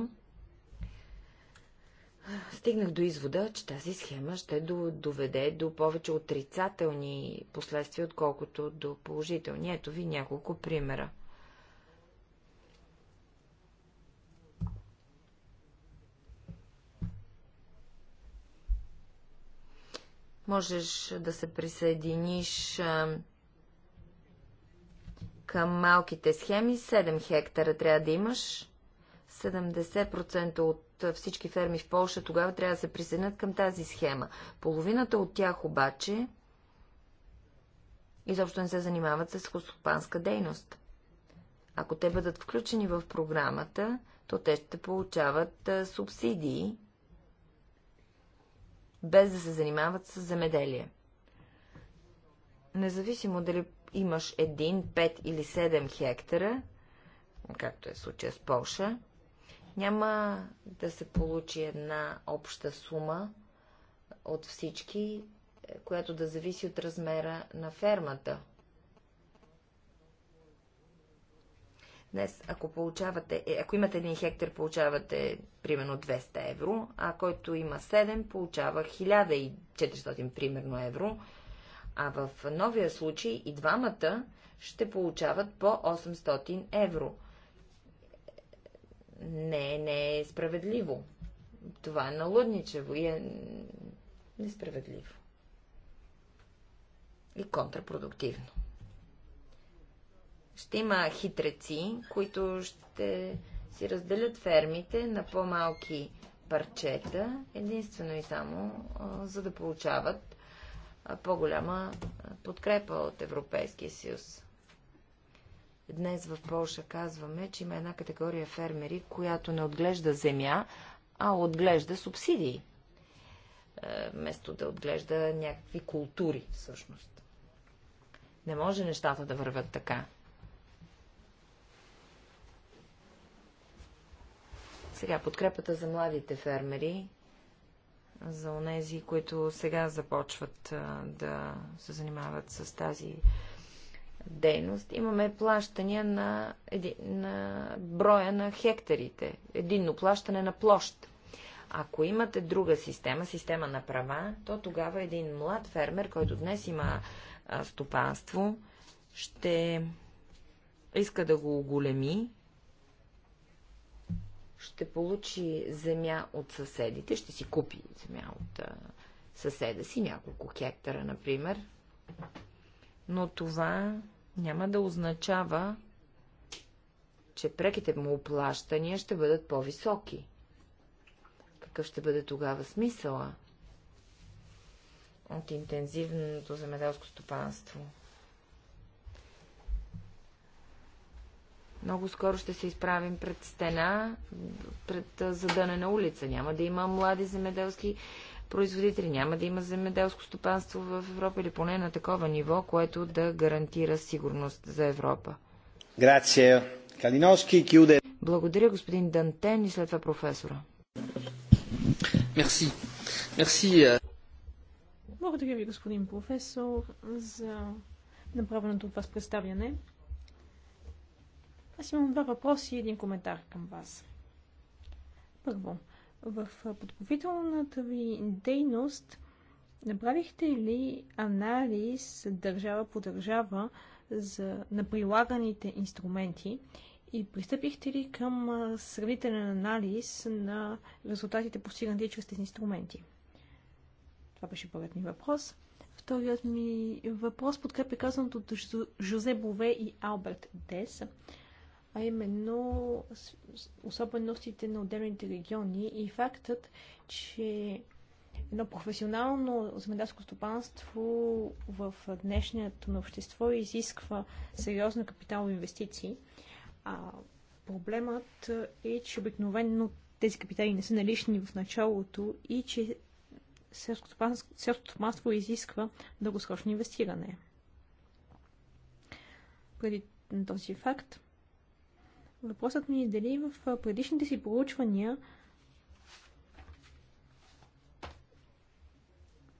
стигнах до извода, че тази схема ще доведе до повече отрицателни последствия, отколкото до положителни. Ето ви няколко примера. можеш да се присъединиш към малките схеми. 7 хектара трябва да имаш. 70% от всички ферми в Польша тогава трябва да се присъединят към тази схема. Половината от тях обаче изобщо не се занимават с хостопанска дейност. Ако те бъдат включени в програмата, то те ще получават субсидии без да се занимават с земеделие. Независимо дали имаш един, 5 или 7 хектара, както е случая с Полша, няма да се получи една обща сума от всички, е, която да зависи от размера на фермата – Днес, ако, получавате, е, ако имате 1 хектар, получавате примерно 200 евро, а който има 7, получава 1400 примерно евро. А в новия случай и двамата ще получават по 800 евро. Не, не е справедливо. Това е налудничево и е несправедливо. И контрапродуктивно ще има хитреци, които ще си разделят фермите на по-малки парчета, единствено и само, за да получават по-голяма подкрепа от Европейския съюз. Днес в Польша казваме, че има една категория фермери, която не отглежда земя, а отглежда субсидии, е, вместо да отглежда някакви култури, всъщност. Не може нещата да вървят така. Сега подкрепата за младите фермери, за онези, които сега започват а, да се занимават с тази дейност. Имаме плащания на, еди, на броя на хектарите, единно плащане на площ. Ако имате друга система, система на права, то тогава един млад фермер, който днес има стопанство, ще иска да го оголеми ще получи земя от съседите, ще си купи земя от а, съседа си, няколко хектара, например. Но това няма да означава, че преките му оплащания ще бъдат по-високи. Какъв ще бъде тогава смисъла от интензивното земеделско стопанство? много скоро ще се изправим пред стена, пред задънена улица. Няма да има млади земеделски производители, няма да има земеделско стопанство в Европа или поне на такова ниво, което да гарантира сигурност за Европа. Грация. Калиновски, Кюде. Благодаря, господин Дантен и след това професора. Мерси. Мерси. Е. Благодаря ви, господин професор, за направеното от вас представяне. Аз имам два въпроса и един коментар към вас. Първо, в подготовителната ви дейност направихте ли анализ държава по държава за, на прилаганите инструменти и пристъпихте ли към сравнителен анализ на резултатите постигнати чрез тези инструменти? Това беше първият ми въпрос. Вторият ми въпрос подкрепя казаното от Жозе Бове и Алберт Дес а именно особеностите на отделните региони и фактът, че едно професионално земеделско стопанство в днешното на общество изисква сериозна капитал инвестиции. А проблемът е, че обикновено тези капитали не са налични в началото и че селското стопанство изисква дългосрочно инвестиране. Преди този факт, Въпросът ми е дали в предишните си проучвания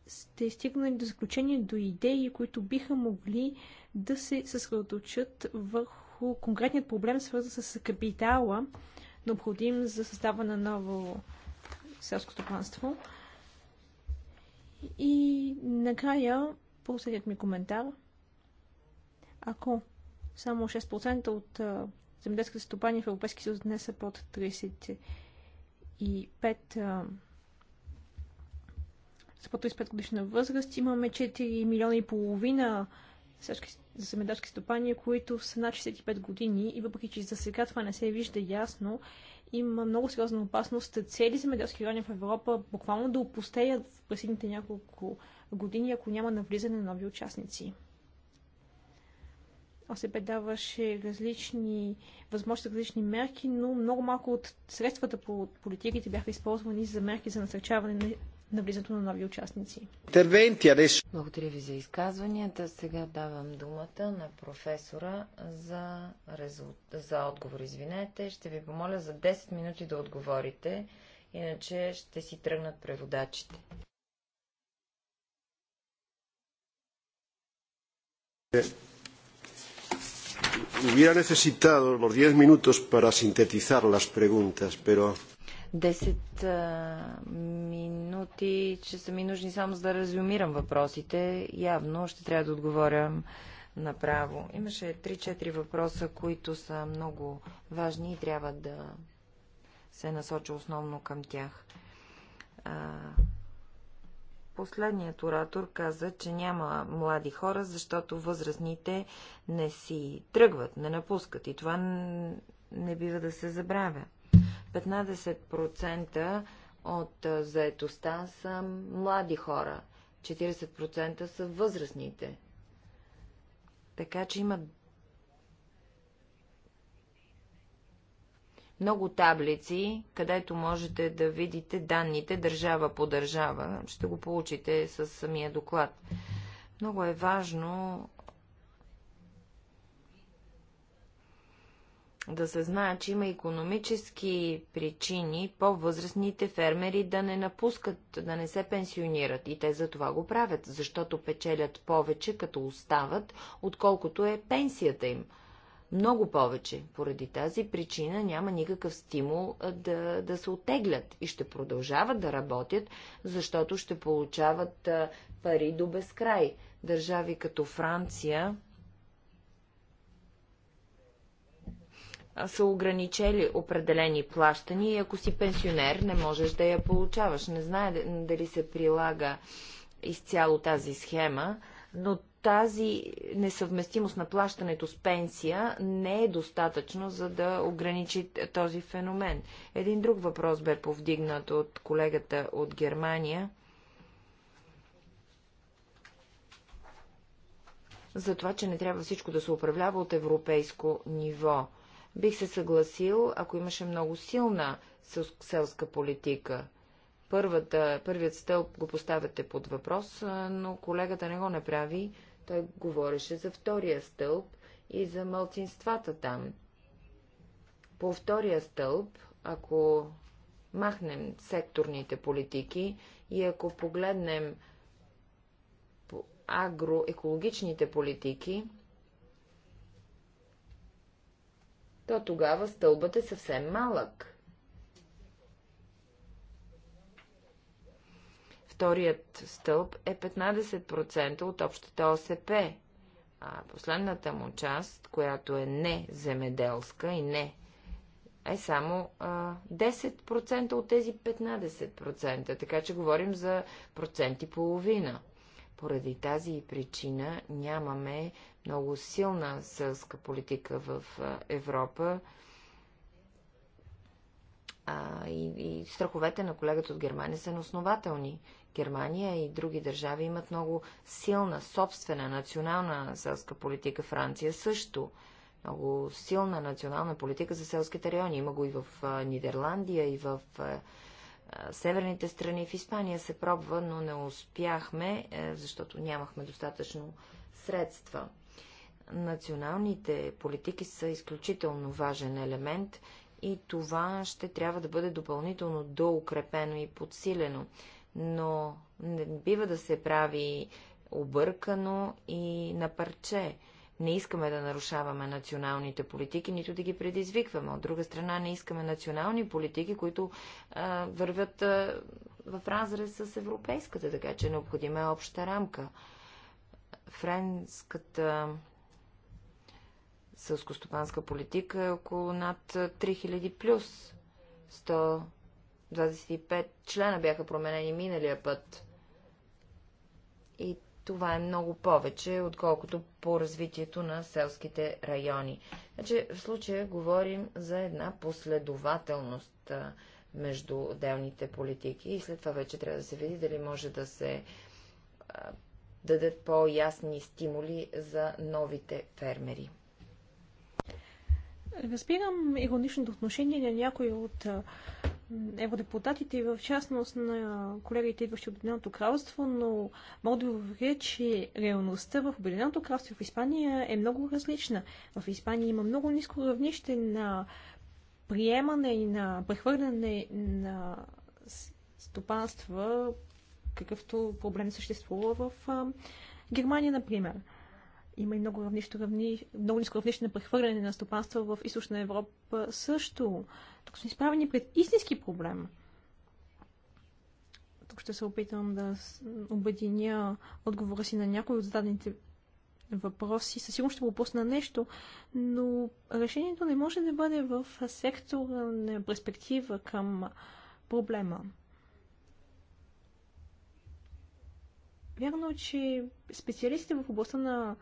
сте стигнали до заключение, до идеи, които биха могли да се съсредоточат върху конкретният проблем, свързан с капитала, необходим за създаване на ново селско стопанство. И накрая, последният ми коментар. Ако само 6% от земеделските стопани в Европейския съюз днес са под 35 са под 35 годишна възраст. Имаме 4 милиона и половина земеделски стопани, които са над 65 години и въпреки, че за сега това не се вижда ясно, има много сериозна опасност цели земеделски райони в Европа буквално да опустеят в пресидните няколко години, ако няма навлизане на нови участници. ОСП даваше различни възможности, различни мерки, но много малко от средствата по политиките бяха използвани за мерки за насърчаване на навлизането на нови участници. Благодаря ви за изказванията. Сега давам думата на професора за, резул... за отговор. Извинете, ще ви помоля за 10 минути да отговорите, иначе ще си тръгнат преводачите. Yeah. Е, Hubiera necesitado los 10 minutos para sintetizar las preguntas, pero... 10 минути, че са ми нужни само за да резюмирам въпросите. Явно ще трябва да отговоря направо. Имаше 3-4 въпроса, които са много важни и трябва да се насоча основно към тях. А, Последният оратор каза, че няма млади хора, защото възрастните не си тръгват, не напускат и това не бива да се забравя. 15% от заетостта са млади хора, 40% са възрастните. Така че има много таблици, където можете да видите данните държава по държава. Ще го получите с самия доклад. Много е важно да се знае, че има економически причини по-възрастните фермери да не напускат, да не се пенсионират. И те за това го правят, защото печелят повече, като остават, отколкото е пенсията им много повече. Поради тази причина няма никакъв стимул да, да се отеглят и ще продължават да работят, защото ще получават пари до безкрай. Държави като Франция са ограничели определени плащания и ако си пенсионер, не можеш да я получаваш. Не знае дали се прилага изцяло тази схема, но тази несъвместимост на плащането с пенсия не е достатъчно, за да ограничи този феномен. Един друг въпрос бе повдигнат от колегата от Германия. За това, че не трябва всичко да се управлява от европейско ниво. Бих се съгласил, ако имаше много силна селска политика първата, първият стълб го поставяте под въпрос, но колегата не го направи. Той говореше за втория стълб и за малцинствата там. По втория стълб, ако махнем секторните политики и ако погледнем по агроекологичните политики, то тогава стълбът е съвсем малък. вторият стълб е 15% от общата ОСП, а последната му част, която е не земеделска и не, е само а, 10% от тези 15%, така че говорим за проценти и половина. Поради тази причина нямаме много силна селска политика в Европа. А, и, и страховете на колегата от Германия са неоснователни. Германия и други държави имат много силна, собствена, национална селска политика. Франция също. Много силна национална политика за селските райони. Има го и в Нидерландия, и в северните страни. В Испания се пробва, но не успяхме, е, защото нямахме достатъчно средства. Националните политики са изключително важен елемент и това ще трябва да бъде допълнително доукрепено и подсилено но не бива да се прави объркано и на парче. Не искаме да нарушаваме националните политики, нито да ги предизвикваме. От друга страна, не искаме национални политики, които а, вървят а, в разрез с европейската, така че необходима е обща рамка. Френската сълскостопанска политика е около над 3000 плюс. 100 25 члена бяха променени миналия път. И това е много повече, отколкото по развитието на селските райони. Значи в случая говорим за една последователност между отделните политики и след това вече трябва да се види дали може да се дадат по-ясни стимули за новите фермери. Разбирам ироничното отношение на някои от евродепутатите и в частност на колегите, идващи от Обединеното кралство, но мога да ви уверя, че реалността в Обединеното кралство и в Испания е много различна. В Испания има много ниско равнище на приемане и на прехвърляне на стопанства, какъвто проблем съществува в Германия, например. Има и много, равнище, равни, много ниско равнище на прехвърляне на стопанства в източна Европа също. Тук сме изправени пред истински проблем. Тук ще се опитам да обединя отговора си на някои от зададените въпроси. Със сигурност ще пропусна нещо, но решението не може да бъде в сектора на перспектива към проблема. Вярно, е, че специалистите в областта на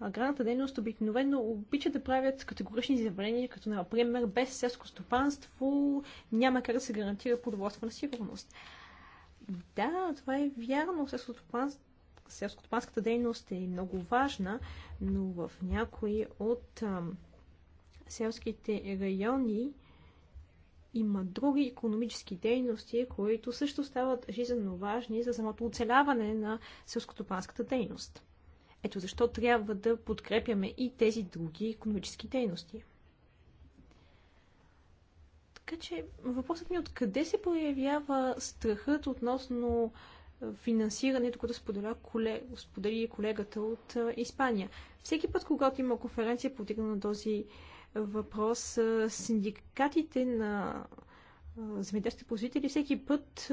аграрната дейност обикновено обича да правят категорични заявления, като например без селско стопанство няма как да се гарантира продоволствена сигурност. Да, това е вярно. Селско-топанската дейност е много важна, но в някои от а, селските райони има други економически дейности, които също стават жизненно важни за самото оцеляване на селско-топанската дейност. Ето защо трябва да подкрепяме и тези други економически дейности. Така че въпросът ми е откъде се появява страхът относно финансирането, което споделя колег... сподели колегата от Испания. Всеки път, когато има конференция, подигна на този въпрос, синдикатите на земеделските производители всеки път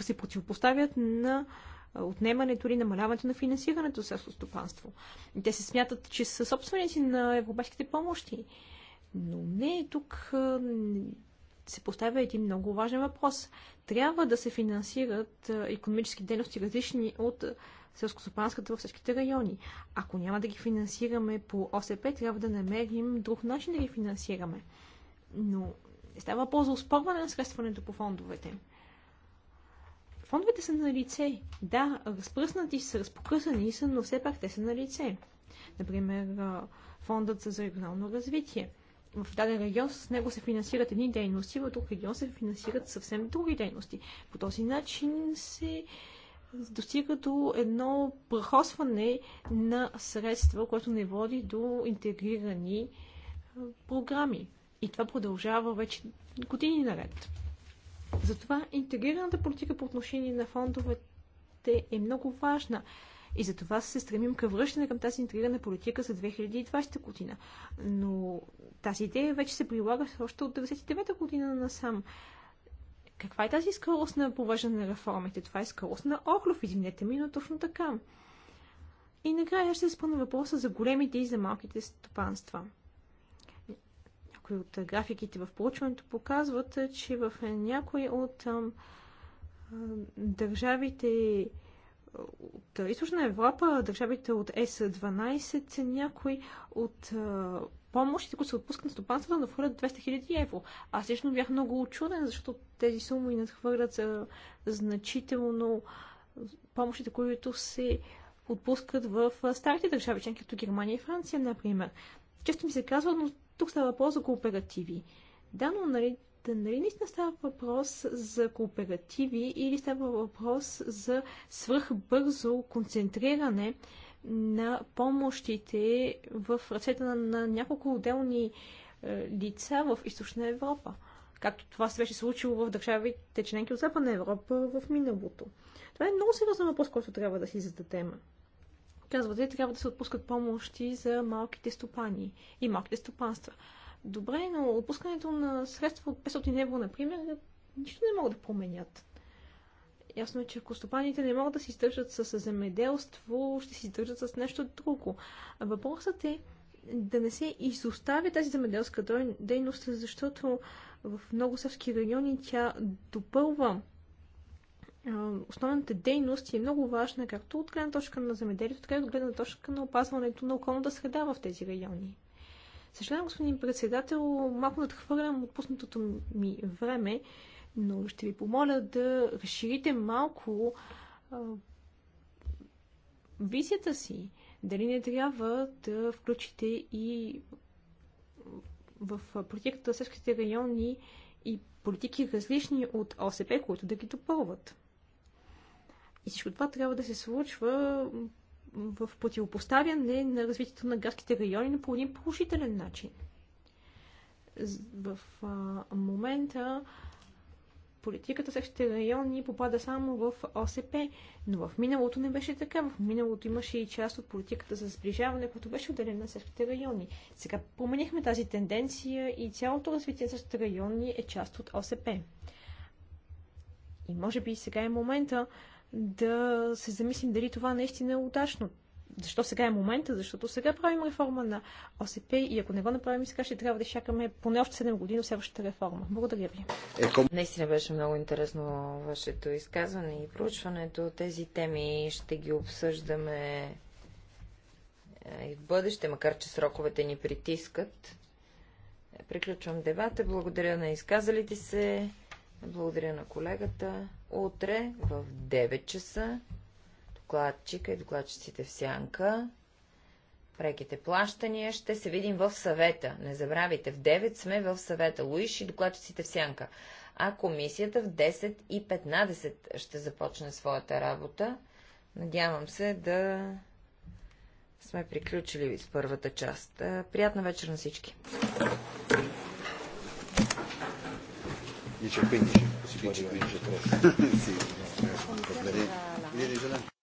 се противопоставят на отнемането или намаляването на финансирането за стопанство. Те се смятат, че са собственици на европейските помощи. Но не, тук се поставя един много важен въпрос. Трябва да се финансират економически дейности различни от селскостопанската във всичките райони. Ако няма да ги финансираме по ОСП, трябва да намерим друг начин да ги финансираме. Но става въпрос за успорване на средстването по фондовете. Фондовете са на лице. Да, разпръснати са, разпокъсани са, но все пак те са на лице. Например, фондът за регионално развитие. В даден регион с него се финансират едни дейности, в друг регион се финансират съвсем други дейности. По този начин се достига до едно прахосване на средства, което не води до интегрирани програми. И това продължава вече години наред. Затова интегрираната политика по отношение на фондовете е много важна. И за това се стремим към връщане към тази интегрирана политика за 2020 година. Но тази идея вече се прилага още от 1999 година насам. Каква е тази скорост на поважане на реформите? Това е скорост на Охлов, извинете ми, но точно така. И накрая ще спомня въпроса за големите и за малките стопанства някои от графиките в проучването показват, е, че в някои от държавите от източна Европа, държавите от ЕС-12, някои от помощите, които се отпускат на стопанството да надхвърлят 200 000 евро. Аз лично бях много очуден, защото тези суми надхвърлят значително помощите, които се отпускат в старите държави, членки като Германия и Франция, например. Често ми се казва, но тук става въпрос за кооперативи. Да, но нали, да, нали наистина става въпрос за кооперативи или става въпрос за свръхбързо концентриране на помощите в ръцете на, на няколко отделни е, лица в източна Европа, както това се беше случило в държавите членки от Западна Европа в миналото. Това е много сериозен въпрос, който трябва да си зададем. Казвате, трябва да се отпускат помощи за малките стопани и малките стопанства. Добре, но отпускането на средства от 500 евро, например, нищо не могат да променят. Ясно е, че ако стопаните не могат да се издържат с земеделство, ще се издържат с нещо друго. Въпросът е да не се изоставя тази земеделска дейност, защото в много селски райони тя допълва основната дейност е много важна както от гледна точка на земеделието, така и от гледна точка на опазването на околната среда в тези райони. Съжалявам, господин председател, малко надхвърлям отпуснатото ми време, но ще ви помоля да разширите малко а, визията си. Дали не трябва да включите и в политиката на съвските райони и политики различни от ОСП, които да ги допълват. И всичко това трябва да се случва в противопоставяне на развитието на градските райони по един положителен начин. В а, момента политиката същите райони попада само в ОСП, но в миналото не беше така. В миналото имаше и част от политиката за сближаване, която беше отделена на същите райони. Сега променихме тази тенденция и цялото развитие на райони е част от ОСП. И може би сега е момента да се замислим дали това наистина е удачно. Защо сега е момента? Защото сега правим реформа на ОСП и ако не го направим сега, ще трябва да чакаме поне още 7 години следващата реформа. Благодаря ви. Наистина беше много интересно вашето изказване и проучването. Тези теми ще ги обсъждаме е, и в бъдеще, макар че сроковете ни притискат. Приключвам дебата. Благодаря на изказалите се. Благодаря на колегата. Утре в 9 часа докладчика и е докладчиците в сянка. Преките плащания. Ще се видим в съвета. Не забравяйте, в 9 сме в съвета. Луиш и докладчиците в сянка. А комисията в 10 и 15 ще започне своята работа. Надявам се да сме приключили с първата част. Е, приятна вечер на всички! 10 e 15, così vinci 15 e 3. sì.